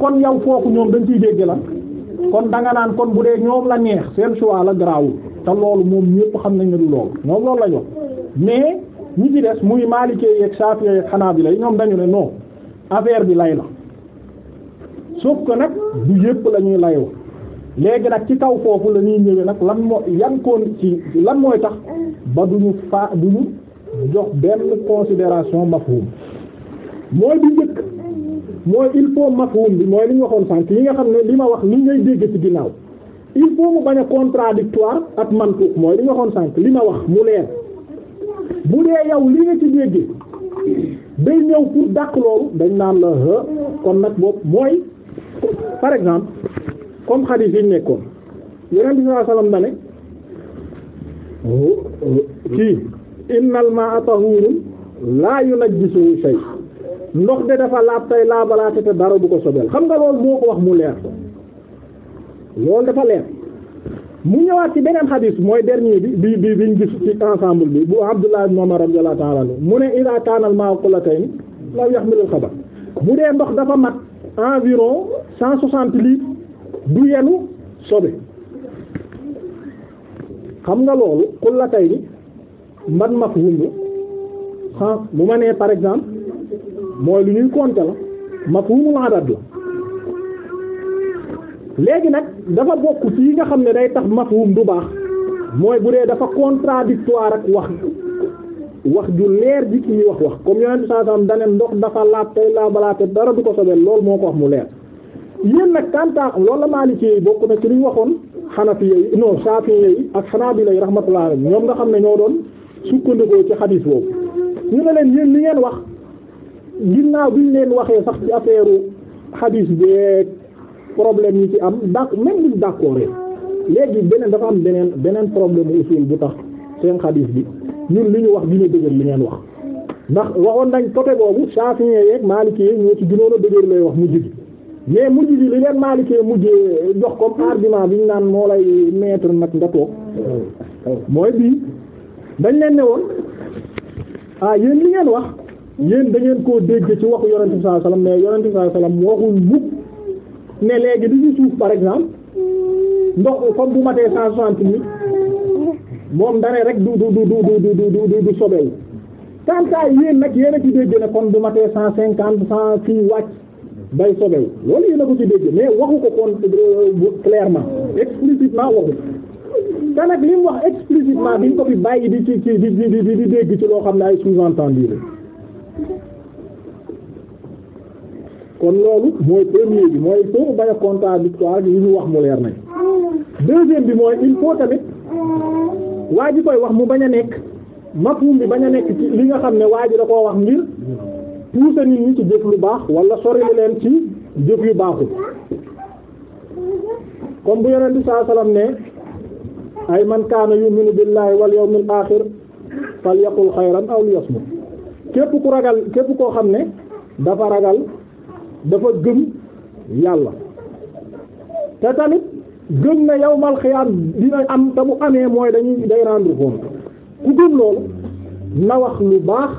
kon yow foofu ñoom dañ ciy dégg la kon danga naan kon bu dee ñoom la neex seen choix la garaawul te loolu moom ñépp xam nañ ne du loolu ñoom loolu la ñu mais ñi ci des muy maalikee yeeg saafee yeeg xanaa bi lay ñoom dañu ne noo affaire bi lay la sauf ko nag du yépp la ñuy layoo léegi nag ci kaw foofu lañuy ñuy ñëwee nag lan moo yan koon ci lan mooy tax ba duñu fa duñu jox benn considération mafhum mooy bu njëkk mooy il faut mafhum bi mooy li waxoon sànq yi nga xam ne li ma wax li ngay dégg ci ginnaaw il faut mu bañ a contradictoire ak mantu mooy li waxoon sànq li ma wax mu leer bu dee yow li nga ci dégg day ñëw pour dàq loolu dañ naan la kon nag boobu mooy par exemple comme xadiis yi nekkoon yeneen bi saa salaam dane oh, oh. kii innal ma'a tahurun laa yunajjisuhu shay ndox de dafa laab tay laabalaate te dara du ko sobeel xam nga loolu moo ko wax mu leer loolu dafa leer mu ñëwaat ci beneen xadiis mooy dernier bi bi bi biñ gis ci ensemble bi bu Abdullah ibn Umar radiyallahu ta'ala mu ne ila kaana al-ma'u qullatayn la yahmilu al-khabath bu dee ndox dafa mat environ cent soixante litres du yenu sobe xam nga loolu xullatay ni man mag wuñu ah bu ma nee par exemple mooy lu ñuy konte la mag wu mu léegi nag dafa bokk yi nga xam ne day tax mafhum du baax mooy bu dee dafa contradictoire ak wax wax ju leer ji ki ñuy wax wax comme yonent saa saam daneen ndox dafa laab tey laabalaate dara du ko sobee lool moo ko wax mu leer yéen nag tanta wala Maliki yi bokk na ci li ñu waxoon Hanafi yi non Shafi yi ak Hanabila laa rahmatullah ñoom nga xam ne ñoo doon sukkandikoo ci xadiis boobu ñu ne leen yéen li ngeen wax ginnaaw bi ñu leen waxee sax ci affaire xadiis beeg problème yi ci am da même buñ d'accord léegi beneen dafa am beneen beneen problème usul bu tax seen xadiis bi ñun li ñu wax dina dëgër li ngeen wax ndax waxoon nañ côté boobu Shafi yeeg Maliki yi ñoo ci gënoon a lay wax mu jigi mais mujj bi li leen maalikee mujjee jox comme argument bi ñu naan moo lay mettre nag nga toog mooy bii dañ leen ne woon ah yéen li ngeen wax yéen da ngeen koo dégg ci waxu yonente bi sallallahu alayhi wasallam mais yonente bi sallallahu waxul mukk ne léegi di ñu suuf par exemple ndox comme bu matee cent soixante mille moom dara rek du du du du du du du sobewu tant que yéen nag yéen a ci dégg ne kon bu matee cent cinquante cent fii wàcc day sobewu loolu yéen ko ci dégg mais waxu ko kon euh, clairement explicitement waxu te nag li mu wax explicitement biñ ko fi bàyyi di ci ci di dégg ci loo xam ne ay sous-entendu la kon loolu mooy premier bi mooy soo bañ a contradictoire bi ñu wax mu leer nañ deuxième bi mooy il faut waa ji koy wax mu bañ a nekk mafhum bi bañ a nekk ci li nga xam ne waa ji da koo wax ngir pousser nit ñi ci jëf lu baax wala sori leen ci jëf yu baaxul comme bu yeneen di sallallahu alayhi wasallam ne ay man kaana yu'minu billahi wal yawmil aaxir falyaqul xayran aw liyasmut képp ku ragal képp koo xam ne dafa ragal dafa gëm yàlla te tamit gën na yawmal xiyaam dina am te bu amee mooy dañuy day rendre compte ku gëm loolu na wax lu baax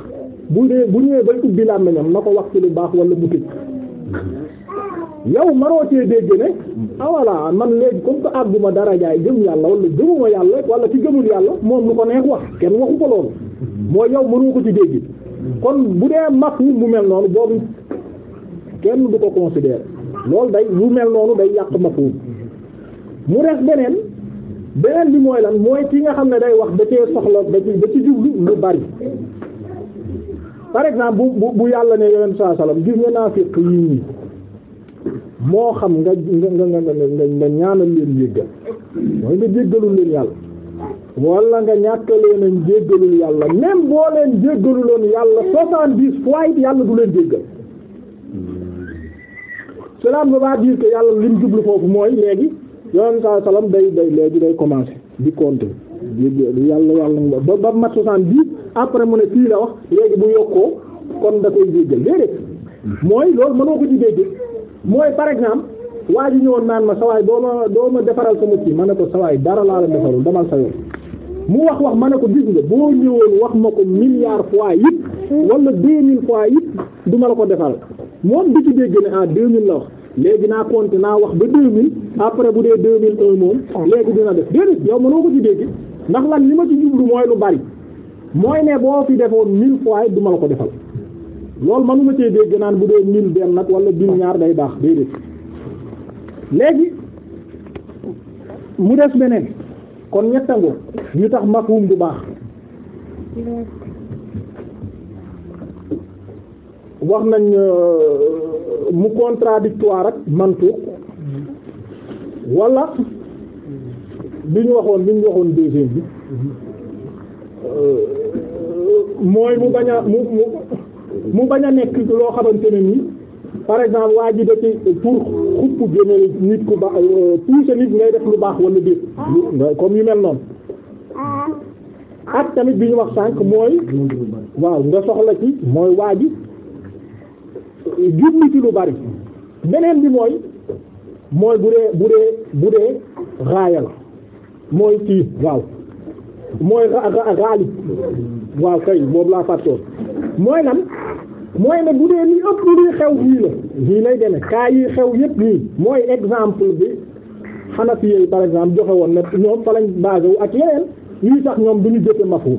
bu dee bu ñëwee bay ubbi làmmiñam ma ko wax ci lu baax wala mu tëj yow maroo cee dégg ne ah voilà man léegi comme que àgguma dara jaay gëm yàlla wala gëmuma yàlla wala ci jëmul yàlla moom lu ko neex wax kenn waxu ko loolu mooy yow mënoo ko ci dégg kon bu dee mag nit mu mel noonu boobu kenn du ko considérer loolu day lu mel noonu day yàq mafhum mu res beneen beneen bi mooy lan mooy ki nga xam ne day wax da cee soxla da ci da ci jublu lu bari par exemple bu bu bu yàlla ne yonent saa salaam gis nga naafiq yii moo xam nga nga nga nga nga ñaanal leen jéggal mooy nga jéggalul leen yàlla wala nga ñàkk leen jéggalul yàlla même boo leen jéggaluloon yàlla soixante-dix fois it yàlla du leen jéggal cela ne veut pas dire que yàlla lim jublu foofu mooy léegi yonent saa salaam day day léegi day commencer di compter. yàlla yàlla nga ba ba mat soixante-dix après mu ne fii la wax léegi bu yokkoo kon da koy jéggal déedéet mooy loolu mënoo ko ci dégg mooy par exemple waa ji ñëwoon naan ma sawaay doo ma doo ma defaral sama kii ma ne ko sawaay dara laa la defarul damal sa mu wax wax ma ne ko gis nga boo ñëwoon wax ma ko milliard fois yit wala deux mille fois yit du ma la ko defal moom du ci dégg ne ah deux mille la wax léegi naa compter naa wax ba deux mille après bu dee deux mille un moom oh. léegi dina def déedéet yow mënoo ko ci dégg ndax lan li ma ci jublu mooy lu bari mooy ne boo fi defoon mille fois it du ma la ko defal loolu manuma cee dégg naan bu dee mille benn nag wala mille ñaar day baax day def léegi mu des beneen kon ñettango ñu tax mafhum du baax wax nañ euh, mu contradictoire ak mantu wala bi ñu waxoon bi ñu waxoon deuxième bi euh, mooy mu bañ a mu mu mu bañ a nekk loo xamante ne nii par exemple waa ji da ci pour xupp génne nit ku baax euh, pousser nit ngay def lu baax wala déet comme yu mel noonu ak tamit bi ñu wax sànq mooy waaw nga soxla ci mooy waa ji jublu ci lu bari beneen bi mooy mooy bu dee bu dee bu dee raaya mooy kii waaw mooy xaalib waaw kay boobu laa fàttoon mooy na mooy ne bu dee li ëpp luy xew fii la nii lay deme kaa yi xew yëpp nii mooy exemple bi Hanafi yi par exemple joxe woon ne ñoom fa lañ ak yeneen yi tax ñoom bu ñu jëfe mafhum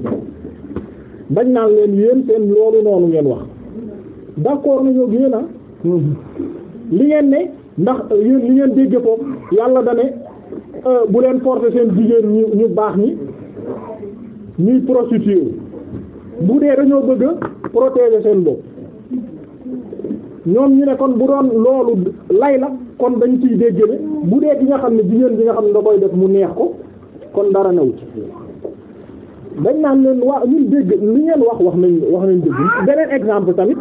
bañ naan leen yéen seen loolu noonu ngeen wax d'accord nañoo génna ah. mm-hmm. li ngeen ne ndax yéen li ngeen dégg foofu yàlla da Euh, bu leen forcer seen jigéen ñu ñu baax ni ñuy prostitué bu dee dañoo bëgg a protéger seen bopp ñoom ñu ne kon bu doon loolu lay la kon dañ ciy dégg ne bu dee bi nga xam ne jigéen bi nga xam ne da koy def mu neex ko kon dara new ci dañ naan leen waa ñun dégg li ngeen wax wax nañ wax nañ dégg beneen exemple tamit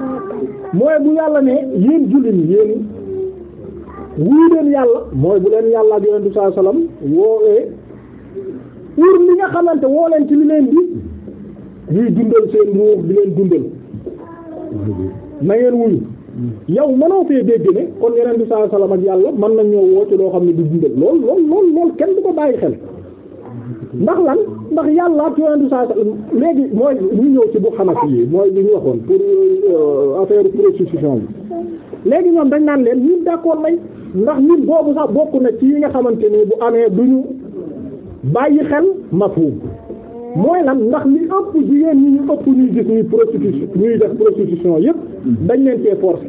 mooy bu yàlla ne yéen jullit yéen wuyu leen yàlla mooy bu leen yàlla ak yonentu saa salaam woowee pour li nga xamante woo leen ci li leen bi ñuy dundal seen ruux di leen dundal na ngeen wuyu yow mënoo fee dégg ne kon yonentu saa salaam ak yàlla mën na ñoo woo ci loo xam ne di dundal lool lool lool lool kenn du ko bàyyi xel ndax lan ndax yàlla ak yonentu saa salaam léegi mooy ñu ñëw ci bu xanaf yi mooy li ñu waxoon pour euh, affaire prostitution bi léegi ñoom dañ naan leen ñun d'accord lañ ndax ñun boobu sax bokk na ci yi nga xamante ni bu amee du ñu bàyyi xel mafhum mooy lan ndax li ëpp jigéen ñi ñu ëpp ñuy gis ñuy prostitution ñuy def prostitution yëpp dañ leen cee forcé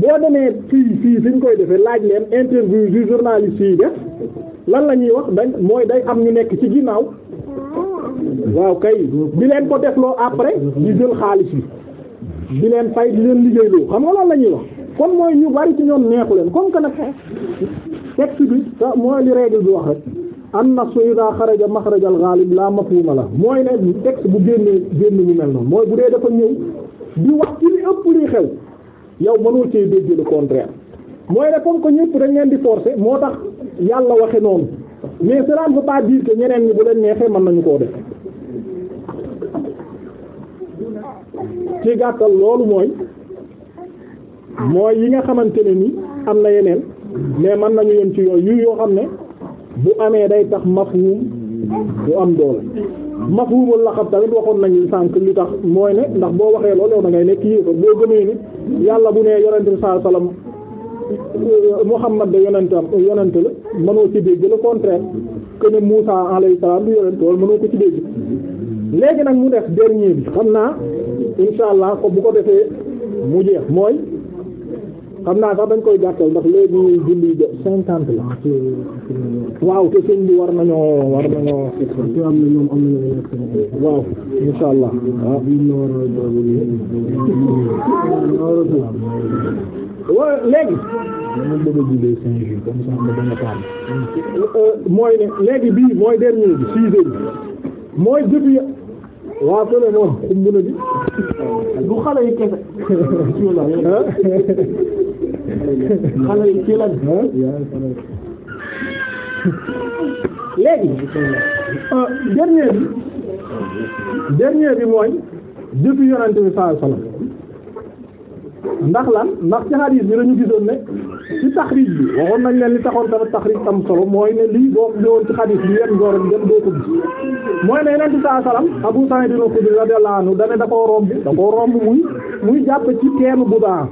boo demee fii fii fi koy defee laaj leen interview du journaliste yi def lan la ñuy wax dañ mooy day am ñu nekk ci ginnaaw waaw kay di leen ko defloo après ñu jël xaalis bi di leen fay di leen liggéey liggéeyloo xam nga loolu la ñuy wax kon mooy ñu bari ci ñoom neexu leen comme que nag texte bi mooy li règle bi wax rek an nafsu ida xaraja maxraja al ghalib la mafhuma la mooy ne texte bu génnee génn mu mel noonu mooy bu dee dafa ñëw di wax ci li ëpp li xew yow mënul cee dégg le contraire mooy ne comme que ñëpp dañ leen di forcer moo tax yàlla waxe noonu mais cela ne veut pas dire que ñeneen ñi bu leen neexee man nañu koo def ci gàttal loolu mooy mooy yi nga xamante ne ni am na yeneen mais man nañu yem ci yooyu yu yoo xam ne bu amee day tax mafhum bu am doole mafhumul laxab tamit waxoon nañu sànq li tax mooy ne ndax boo waxee loolu yow da ngay nekk yéefa boo gëmee ni yàlla bu nee yonente bi sallallahu alayhi wasallam euh, Muhammad da yonentam yonente la mënoo ci dégg le contraire que ne Muusa alayhi salaam du yonent loolu mënoo ko ci dégg léegi nag mu def dernier bi xam naa insha allah ko bu ko defee mu jeex mooy xam naa sax dañ koy gàttal ndax léegi julli de cinquante la waaw te sëñ bi war nañoo war nañoo waaw insha allah waaw léegi euh, mooy ne léegi mooy dernier bi six heures waaw su ne moom xumb na di du xale yi kese xale yi ci lan léegi euh, dernier bi dernier bi mooy jëfi yonent bi sallallahu alayhi wasallam ndax lan ndax ci xadiis bi lañu gisoon ne ci taxriij bi waxoon nañ leen li taxoon tamit taxriij am solo mooy ne lii boo ñëwoon ci xadiis bi yenn góor dem doo ko gis mooy ne Yonent bi sallallahu alayhi wasallam Abu Sa'id al-Khudri radiyallahu anhu dane da koo romb da koo romb muy muy jàpp ci teenu Budaa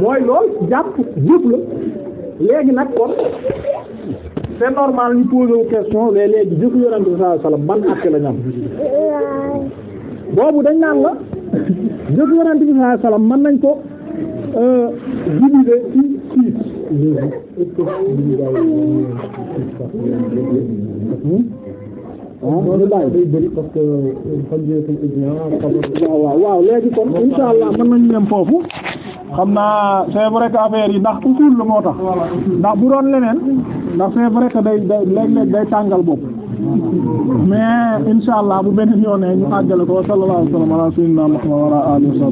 mooy lool jàpp jëf la léegi nag kon c'est normal ñu poser wu question léeg-léegi jëf Yonent bi boobu dañ naan la jëf yonent bi sallallahu alayhi wasallam mën nañ ko euh, diviser ci six waaw ñu bàyyi day parce que euh, waaw waaw waaw kon insha allah mën nañu dem foofu xam naa c'est vrai que yi ndax usul la moo tax ndax bu doon leneen ndax c'est vrai que day day day tàngal bopp mais inshallah bu beneen yoon ñu àggale ko sallallahu alayhi wa sallam ala sayyidina Muhammad wa ala alihi